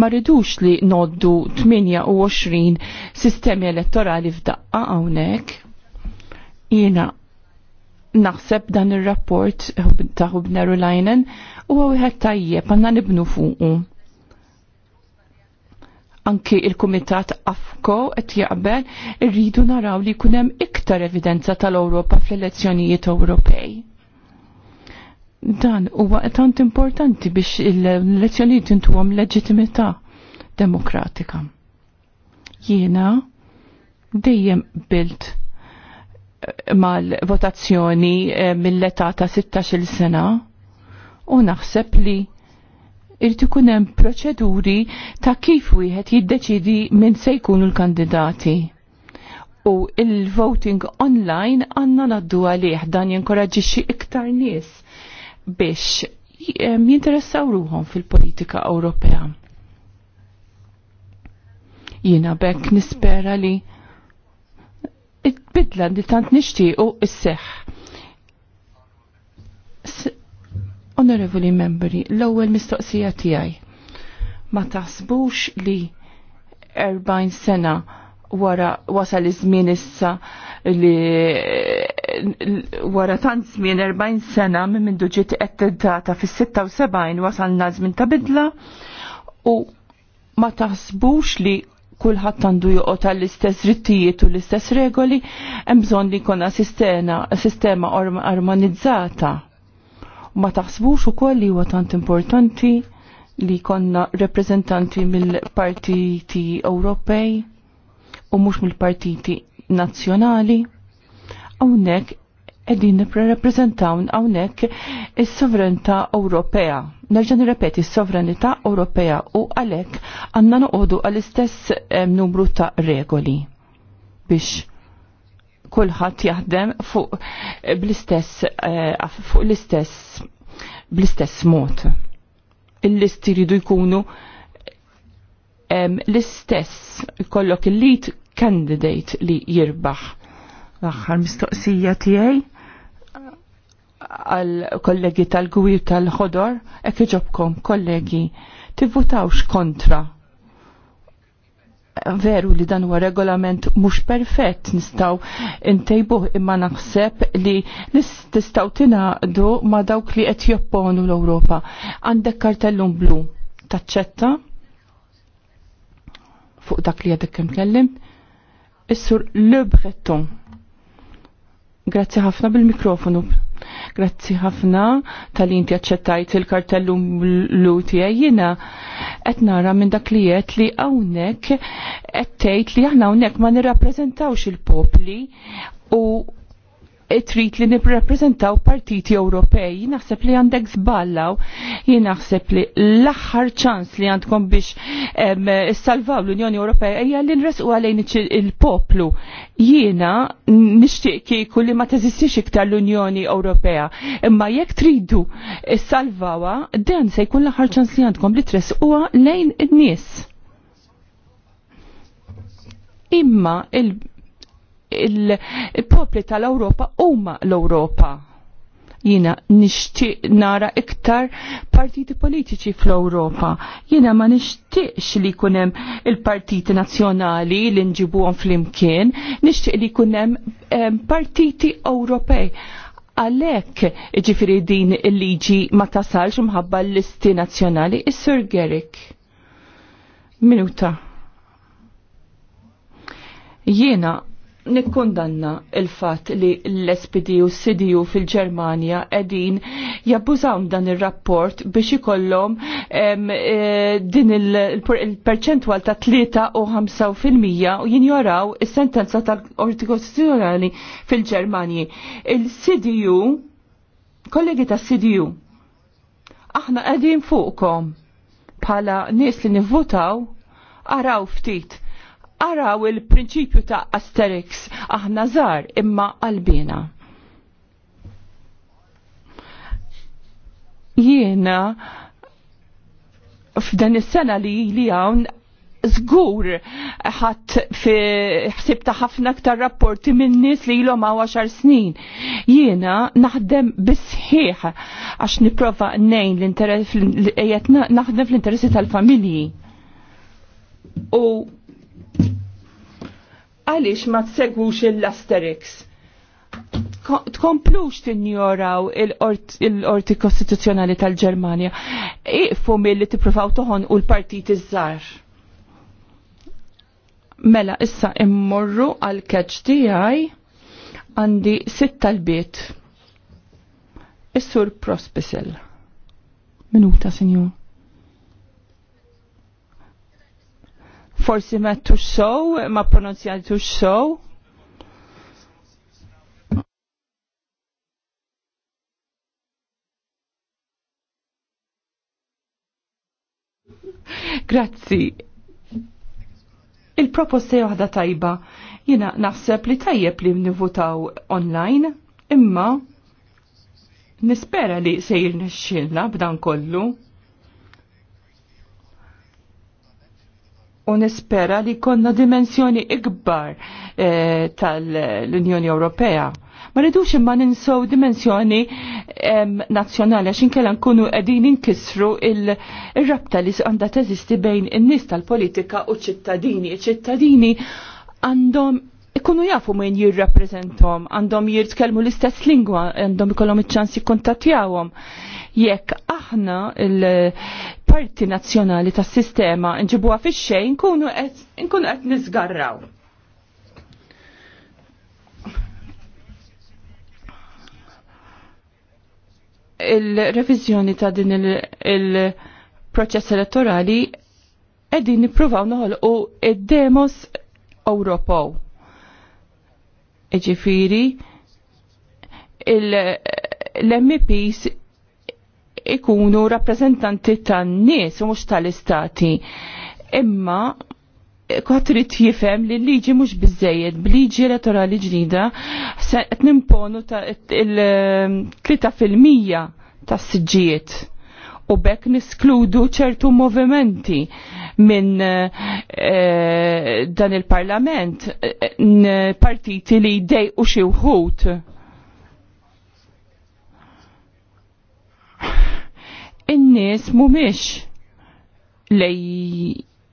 ma ridux li noddu 28 sistemi elettorali f'daqqa hawnhekk Jiena naħseb dan ir-rapport eh, ta' Hubneru Lajnen huwa wieħed tajjeb għandna nibnu fuqu. Anki il-Kumitat Afko qed jaqbel irridu naraw li jkun hemm iktar evidenza tal-Ewropa fl-elezzjonijiet Ewropej. Dan huwa tant importanti biex l-elezzjonijiet intuhom leġitimità demokratika. Jiena dejjem bilt mal-votazzjoni eh, mill-età ta' 16-il sena u naħseb li irti hemm proċeduri ta' kif wieħed jiddeċidi minn se jkunu l-kandidati. U il-voting online għanna naddu għalih dan jinkoraġġixxi iktar nies biex eh, jinteressaw ruhom fil-politika Ewropea. Jiena bekk nispera li bidla li tant nixtiequ isseħ. Onorevoli membri, l-ewwel mistoqsija tiegħi. Ma taħsbux li 40 sena wara wasal iż-żmien issa li wara tant żmien 40 sena minn mindu ġiet qed fis-76 wasalna żmien ta' bidla u ma taħsbux li kulħadd għandu joqgħod għall-istess rittijiet u l-istess regoli, hemm bżonn li jkollna sistema, sistema armonizzata. U ma taħsbux ukoll li huwa tant importanti li konna reprezentanti mill-partiti Ewropej u mhux mill-partiti nazzjonali. Hawnhekk edin nippreżentawn hawnhekk is-sovranità Ewropea. Nerġa' nirrepeti s-sovranità Ewropea u għalek għandna noqogħdu għall-istess numru ta' regoli biex kulħadd jaħdem fuq eh, bl-istess eh, fuq l-istess bl-istess mod. Il-list jridu jkunu l-istess kollok il-lead candidate li jirbaħ l-axħar mistoqsija tiegħi għal kollegi tal-gwir tal-ħodor, ek kollegi, tivvutawx kontra. Veru li dan huwa regolament mhux perfett nistgħu intejbuh imma naħseb li tistgħu tingħaqdu ma' dawk li qed jopponu l-Ewropa. Għandek kartellum blu taċċetta fuq dak li għedek kemm kellim. Is-sur Le Breton. Grazzi ħafna bil-mikrofonu. Grazzi ħafna tal-inti aċċettajt il-kartellu l-lu għajjina. jiena nara minn dak li għet li hawnhekk qed tgħid li aħna hawnhekk ma nirrapprezentawx il-popli u trid li nippreżentaw partiti Ewropej. Naħseb li għandek żballaw, jien naħseb li l-aħħar ċans li għandkom biex salvaw l-Unjoni Ewropej, hija li nresqu għalejn il-poplu. Jiena nixtieq kieku li ma teżistix iktar l-Unjoni Ewropea, imma jekk tridu salvawa, dan se jkun l-aħħar ċans li għandkom li tresquha lejn in-nies imma il-popli tal-Ewropa huma l-Ewropa. Jina nixtieq nara iktar partiti politiċi fl-Ewropa. Jina ma nixtieqx li kunem il-partiti nazzjonali li nġibuhom fl-imkien, nixtieq li kunem partiti Ewropej għalek ġifiri din il-liġi ma tasalx mħabba l-listi nazjonali, is-Sir Gerik. Minuta. Jiena nikkundanna il-fat li l-SPD u CDU fil ġermania edin jabbużaw dan il-rapport biex ikollhom e, din il-perċentwal ta' 3 u 5% u jinjoraw is-sentenza tal-Qorti fil ġermania Il-CDU, kollegi ta' CDU, aħna qegħdin fuqkom bħala nies li nivvutaw araw ftit araw il-prinċipju ta' Asterix aħna żgħar imma qalbina. Jiena f'dan is-sena li li hawn żgur ħadd fi ħsib ta' ħafna aktar rapporti minn nies li ilhom hawn għaxar snin. Jiena naħdem bisħiħ għax nipprova nejn l-interess naħdem fl-interessi tal-familji. U għaliex ma tsegwux il asterix Tkomplux tinjoraw il-orti kostituzzjonali tal-Ġermanja. Iqfu mill-li tippruvaw toħon u l-partit iż-żar. Mela, issa immorru għal-keċ tijaj għandi sitt tal bit Is-sur Prospicel. Minuta, senjur. forsi ma tuxxow, ma pronunzjatu tuxxow. Grazzi. Il-proposta waħda tajba. Jina naħseb li tajjeb li nivutaw online, imma nispera li sejr nexxilna b'dan kollu. u nispera li konna dimensjoni ikbar eh, tal-Unjoni Ewropea. Ma ridux imma ninsow dimensjoni nazzjonali għax inkella nkunu qegħdin inkisru il-rabta li għandha teżisti bejn in-nies tal-politika u ċittadini. Ċittadini għandhom ikunu jafu min jirrapprezentom, għandhom jirtkelmu l-istess lingwa, għandhom ikollhom iċ-ċans jikkuntattjawhom. Jekk aħna parti nazzjonali tas sistema nġibuha fix-xejn nkunu qed nizgarraw. Il-reviżjoni ta' din il-proċess elettorali qegħdin nippruvaw noħolqu id-demos Ewropew. Ġifieri il-MPs ikunu rappresentanti tan-nies u mhux tal-istati. Imma trid jifhem li l-liġi mhux bizzejed, b'liġi elettorali ġdida se qed nimponu il-3% ehm, s siġġijiet u bekk niskludu ċertu movimenti minn eh, dan il-parlament eh, partiti li dej u xi wħud in-nies mhumiex lej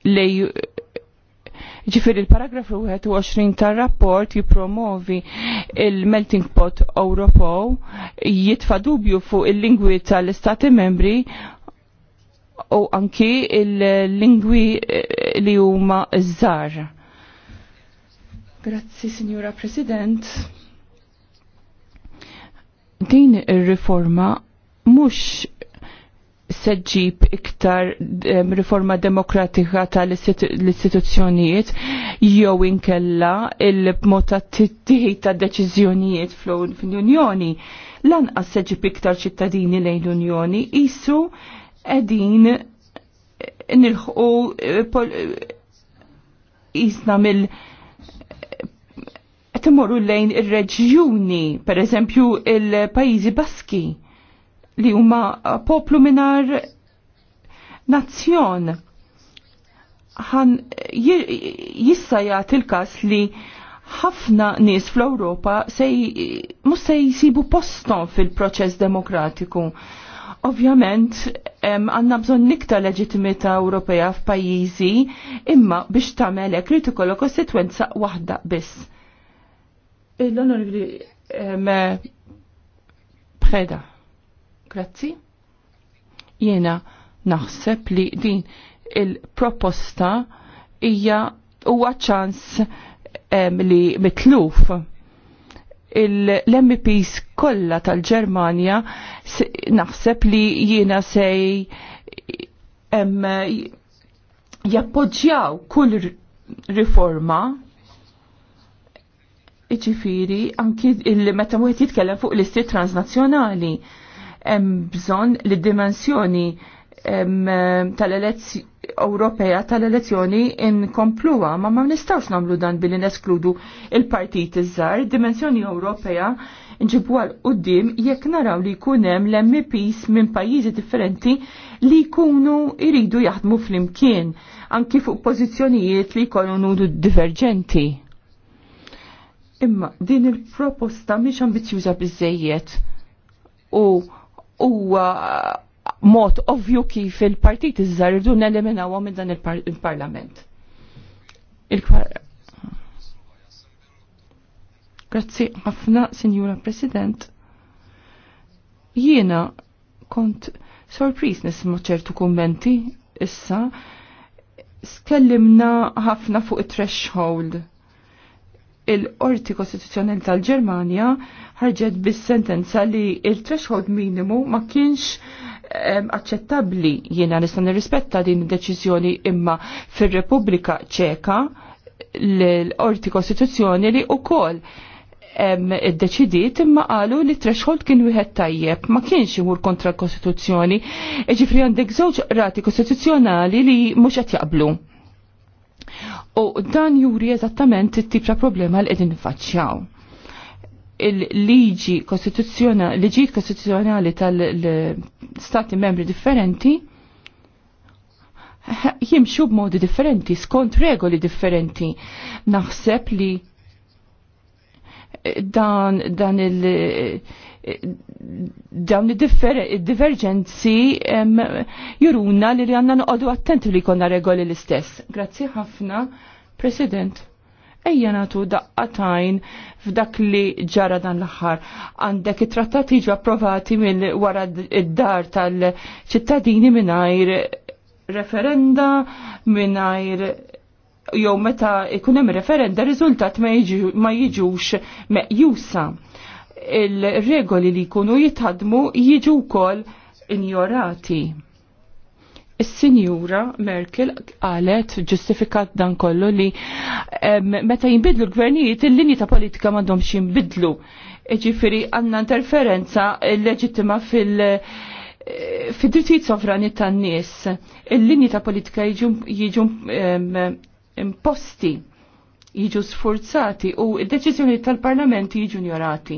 lej ġifir il-paragrafu 21 tal-rapport jipromovi il-melting pot Ewropew jitfa dubju fuq il-lingwi tal-istati membri u anki il-lingwi eh, li huma żgħar. Grazzi, Signora President. Din ir-riforma mhux se ġib iktar riforma demokratika tal-istituzzjonijiet jew inkella il-mod tiħid ta' deċiżjonijiet fl-Unjoni. Lanqas se ġib iktar ċittadini lejn l-Unjoni jisu qegħdin eh, nilħqu eh, eh, isna mill- qed lejn ir-reġjuni, pereżempju il-Pajjiżi Baski li huma poplu minar nazzjon. Ħan jissa jagħti il-każ li ħafna nies fl-Ewropa mus se jsibu poston fil-proċess demokratiku. Ovvjament, għanna bżon nikta leġitimita Ewropea f'pajjiżi, imma biex tagħmel hekk li tikollok kostitwenza waħda biss. Eh, l-onorevoli eh, Preda. Grazzi. Jena naħseb li din il-proposta hija huwa ċans li mitluf l-MPs kollha tal-Ġermanja naħseb li jiena sej jappoġġjaw kull riforma iġifiri anki il-meta wieħed jitkellem fuq listi transnazzjonali hemm bżonn li dimensjoni tal-elezzjoni Ewropea tal-elezzjoni inkompluwa, ma ma nistawx namlu dan billi neskludu il-partit iż-żar, dimensjoni Ewropea nġibu għal qudiem jekk naraw li kunem l-MPs minn pajjiżi differenti li jkunu iridu jaħdmu fl-imkien, anki fuq pożizzjonijiet li jkollu nudu diverġenti. Imma din il-proposta mhix ambizzjuża biżejjed u u mod ovvju kif il-partit iżżar irdu neliminaw minn dan il-parlament. Grazzi ħafna, Signora President. Jiena kont sorpris nisma ċertu kummenti issa. Skellimna ħafna fuq it-threshold il-Qorti Kostituzzjonali tal-Ġermanja ħarġet bis-sentenza li il-threshold minimu ma kienx aċċettabbli jiena nista' nirrispetta din id-deċiżjoni imma fir-Repubblika Ċeka l-Qorti Kostituzzjoni li wkoll id-deċidiet imma qalu li threshold kien wieħed tajjeb ma kienx imur kontra l-Kostituzzjoni, ġifri għandek żewġ rati kostituzzjonali li mhux qed jaqblu u dan juri eżattament it-tip ta' problema li qegħdin nifaċċjaw il-liġi kostituzzjonali, liġi kostituzzjonali tal-stati membri differenti jimxu b'modi differenti, skont regoli differenti. Naħseb li dan, dan il- dawn id-divergenzi juruna li li għanna noqodu attenti li konna regoli l-istess. Grazzi ħafna, President. Ejja natu daqqatajn f'dak li ġara dan l-aħħar. Għandek it-trattati ġu approvati minn wara id-dar tal-ċittadini minnajr referenda, minnajr jew meta ikun hemm referenda riżultat ma jiġux meqjusa il-regoli li jkunu jitħadmu jiġu wkoll injorati. Is-Sinjura Merkel qalet ġustifikat dan kollu li meta jinbidlu l-gvernijiet il-linji ta' politika m'għandhomx jinbidlu. Iġifiri għandna interferenza leġittima fil- fid-drittijiet sovrani tan-nies. Il-linji ta' politika jiġu imposti, jiġu sforzati u d deċizjoni tal-Parlament jiġu ignorati.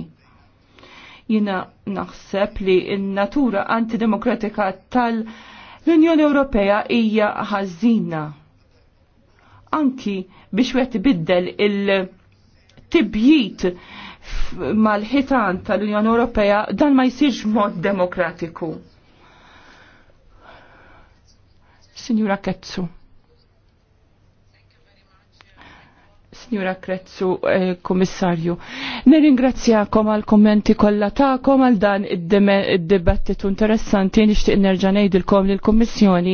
Jina naħseb li n-natura antidemokratika tal-Unjoni Ewropea hija ħażina. Anki biex wieħed ibiddel il-tibjit mal-ħitan tal-Unjoni Ewropea dan ma jsirx mod demokratiku. Signora Ketsu. Signora Krezzu, eh, Komissarju. Nirringrazzjakom għal kommenti kollha tagħkom għal dan id-dibattitu interessanti nixtieq nerġa' ngħidilkom lill kummissjoni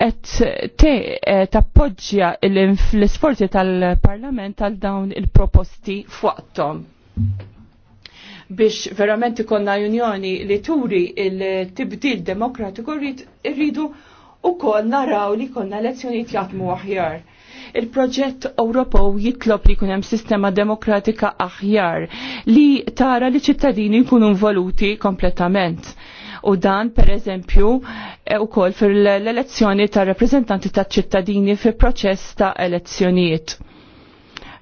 qed te eh, tappoġġja l-isforzi tal-Parlament għal dawn il-proposti fuqhom biex verament ikonna unjoni li turi il-tibdil demokratiku rridu u kol naraw li konna lezzjoni jatmu aħjar. Il-proġett Ewropew jitlob li jkun hemm sistema demokratika aħjar li tara li ċittadini jkunu involuti kompletament u dan per eżempju u e kol fil-elezzjoni ta' reprezentanti ta' ċittadini fil proċess ta' elezzjonijiet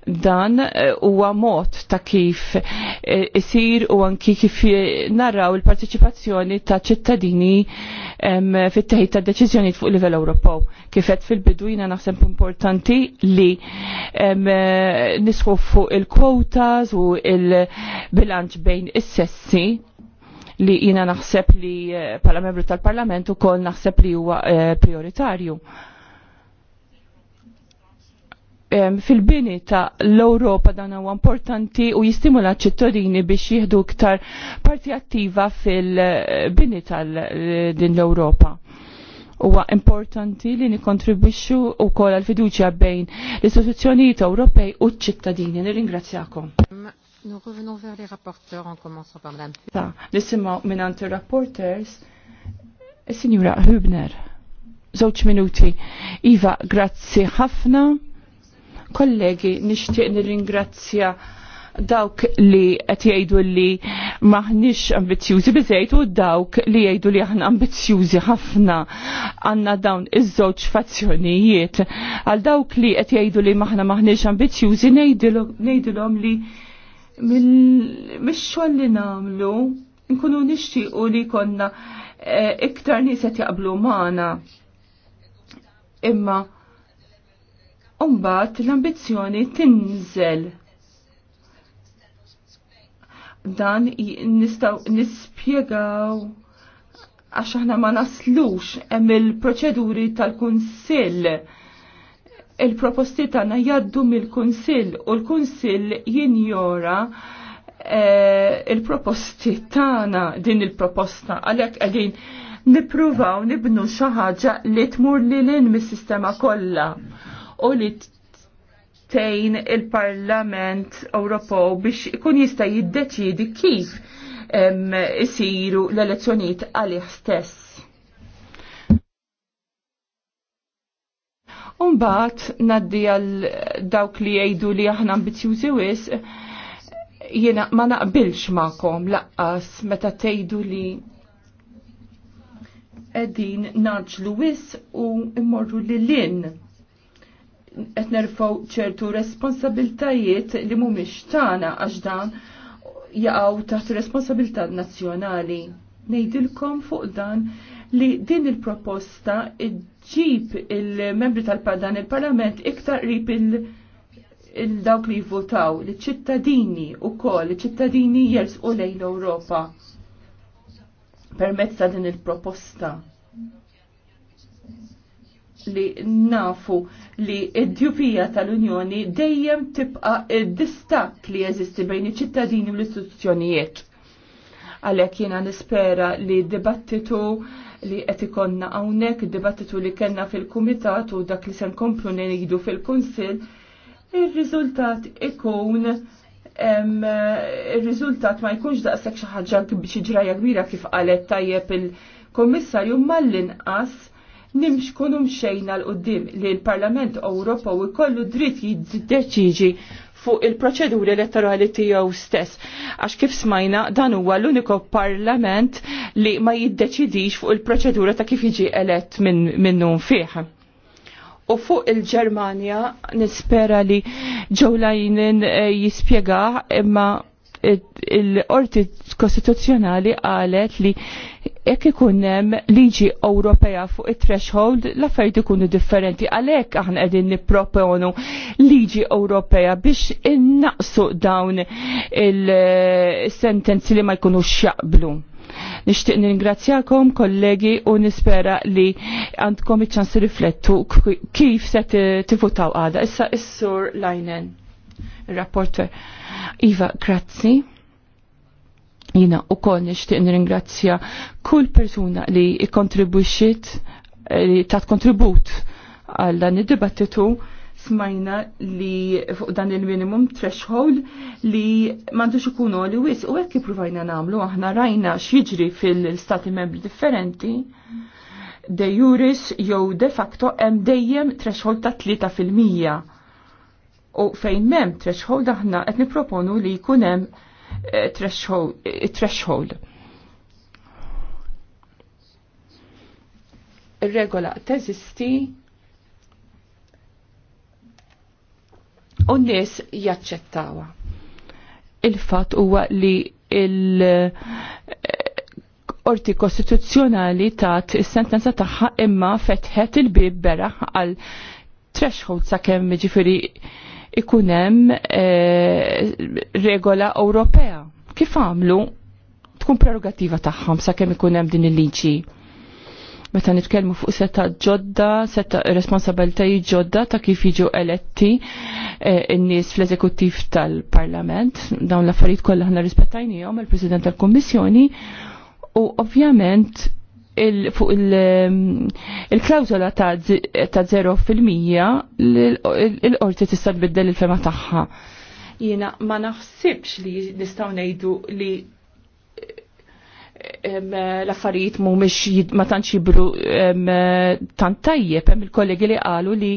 dan eh, huwa mod ta' kif eh, isir u anki kif eh, naraw il parteċipazzjoni ta' ċittadini fit-teħid ta' deċiżjoni fuq livell Ewropew. Kif qed fil-bidu jiena naħseb importanti li nisħu fuq il-kwotas u il-bilanċ bejn is-sessi li jiena naħseb li pala membru tal-Parlament ukoll naħseb li huwa prioritarju fil-bini ta' l-Europa dan huwa importanti u jistimula ċittadini biex jieħdu iktar parti attiva fil-bini tal-din l-Europa. Huwa importanti li nikontribwixxu wkoll għal fiduċja bejn l-istituzzjonijiet Ewropej u ċ-ċittadini. Nirringrazzjakom. Nous revenons vers les rapporteurs en commençant par Madame. Ta, nisimaw minant il-rapporters, Signora Hübner. Zoċ minuti. Iva, grazzi ħafna Kollegi, nixtieq nirringrazzja dawk li qed jgħidu li maħniex ambizzjużi biżejt u dawk li jgħidu li aħna ambizzjużi ħafna għandna dawn iż-żewġ fazzjonijiet. Għal dawk li qed jgħidu li maħna maħniex ambizzjużi ngħidilhom li mix-xogħol li nagħmlu nkunu nixtiequ li konna eh, iktar nies qed jaqblu magħna. Imma Umbat l-ambizjoni tinżel dan nistaw nispiegaw għax aħna ma naslux hemm il-proċeduri tal-Kunsill. Il-proposti tagħna jaddu mill-Kunsill u l-Kunsill jinjora eh, il-proposti tagħna din il-proposta għalhekk qegħdin nippruvaw nibnu xi ħaġa li tmur lil mis-sistema kollha u li tejn il-Parlament Ewropew biex ikun jista' jiddeċiedi kif isiru l-elezzjonijiet għalih stess. Umbat, naddi għal dawk li jgħidu li aħna ambizjużi wis, jiena ma naqbilx ma'kom laqqas meta tgħidu li qegħdin naġlu wis u immorru lil lin qed nerfgħu ċertu responsabiltajiet li mhumiex tagħna għax dan jaqgħu taħt responsabilità nazzjonali. Ngħidilkom fuq dan li din il-proposta ġib il-membri tal-Padan il-Parlament iktar qrib il- il-dawk li votaw, li ċittadini u koll, li ċittadini jersqu lejn l-Europa permezz ta' din il-proposta li nafu li id-djupija tal-Unjoni dejjem tibqa id-distak li jeżisti bejn iċ-ċittadini u l-istituzzjonijiet. Għalhekk jiena nispera li dibattitu li qed ikonna hawnhekk id-dibattitu li kellna fil-Kumitat u dak li se nkomplu ngħidu fil-Kunsill, ir-riżultat ikun il-rizultat ma jkunx daqshekk xi ħaġa xi ġraja kbira kif qalet tajjeb il-Kummissarju mal-inqas nimxku xejna l-qoddim li l-Parlament Ewropew ikollu dritt jiddeċiġi fuq il-proċeduri elettorali tiegħu stess. Għax kif smajna dan huwa l-uniku parlament li ma jiddeċidix fuq il-proċedura ta' kif jiġi elett minn minnu fih. U fuq il-Ġermanja nispera li ġowlajnin eh, jispjega imma il-qorti kostituzzjonali qalet li jekk ikun hemm liġi Ewropea fuq it-threshold l-affarijiet ikunu differenti għalhekk aħna qegħdin nipproponu liġi Ewropea biex innaqsu dawn il-sentenzi li ma jkunux xaqblu. Nixtieq ningrazzjakom kollegi u nispera li għandkom iċ-ċans riflettu kif se tifutaw għada. Issa is-sur Lajnen, il-rapporter. Iva, grazzi Jina u koll nishtiq nringrazzja kull persuna li kontribuxit, li tat kontribut għal dan id-dibattitu smajna li fuq dan il-minimum threshold li mandux ikunu li wis u għek ippruvajna namlu aħna rajna xieġri fil-stati membri differenti de juris jew de facto hemm dejjem threshold ta' 3 u fejn mem threshold aħna qed niproponu li jkun hemm Eh, threshold. Ir-regola eh, teżisti u n-nies jaċċettawha. Il-fatt huwa li il eh, orti kostituzzjonali tat is-sentenza tagħha imma fetħet il-bib beraħ għal threshold sakemm ġifieri ikunem e, regola Ewropea. Kif għamlu tkun prerogativa tagħhom sa' ikun hemm din il-liġi. Meta nitkellmu fuq setta ġodda, setta responsabiltajiet ġodda ta' kif jiġu eletti e, n-nies fl-eżekuttiv tal-Parlament, dawn l-affarijiet kollha aħna rispettajnihom il-President tal-Kummissjoni u ovvjament fuq um, il-klawzola ta' 0% il-qorti tista' tbiddel il-fema tagħha. Jiena ma naħsibx li nistgħu ngħidu li l-affarijiet mhumiex ma tantx jibru tant tajjeb hemm il-kollegi li qalu li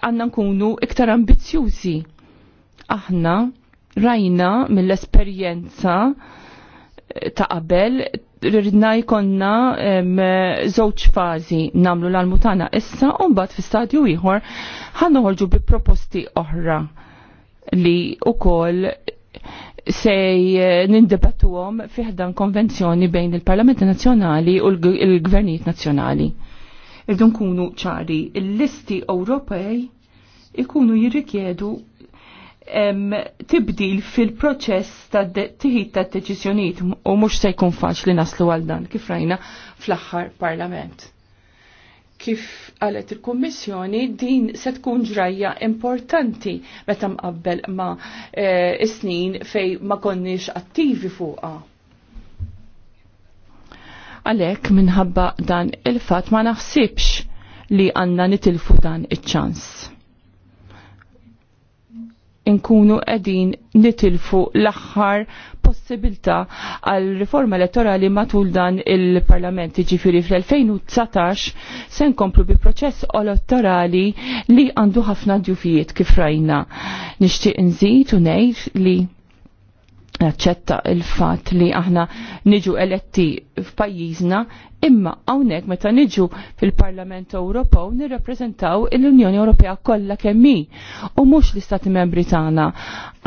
għandna nkunu iktar ambizzjużi. Aħna rajna mill-esperjenza ta' qabel ridna jkonna żewġ fażi namlu l-almutana issa u mbagħad fi stadju ieħor ħanoħorġu bi proposti oħra li ukoll se eh, nindebattuhom fiħdan konvenzjoni bejn il-Parlamenti Nazzjonali u l-Gvernijiet Nazzjonali. Irdu nkunu ċari, il-listi Ewropej ikunu jirrikjedu tibdil fil-proċess ta' tiħit ta' deċiżjonijiet u mhux se jkun faċli naslu għal dan kif rajna fl-aħħar parlament. Kif qalet il-Kummissjoni din se tkun ġrajja importanti meta mqabbel ma' eh, snin fej ma konniex attivi fuqha. Għalhekk minħabba dan il-fatt ma naħsibx li għandna nitilfu dan iċ-ċans inkunu qegħdin nitilfu l-aħħar possibilità għal riforma elettorali matul dan il-Parlament. Ġifiri fl-2019 se nkomplu bi proċess elettorali li għandu ħafna ġufijiet kif rajna. Nixtieq nżid u ngħid li naċċetta il-fat li aħna niġu eletti f'pajjiżna, imma hawnhekk meta niġu fil-Parlament Ewropew nirrappreżentaw l-Unjoni Ewropea kollha kemm hi u mhux l-Istati Membri tagħna.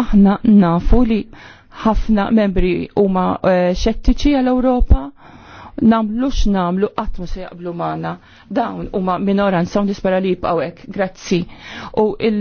Aħna nafu li ħafna membri huma eh, xettiċi għall-Ewropa namlu għatmu qatt ma se jaqblu magħna. Dawn huma minoranza u nispera li jibqgħu hekk. Grazzi. U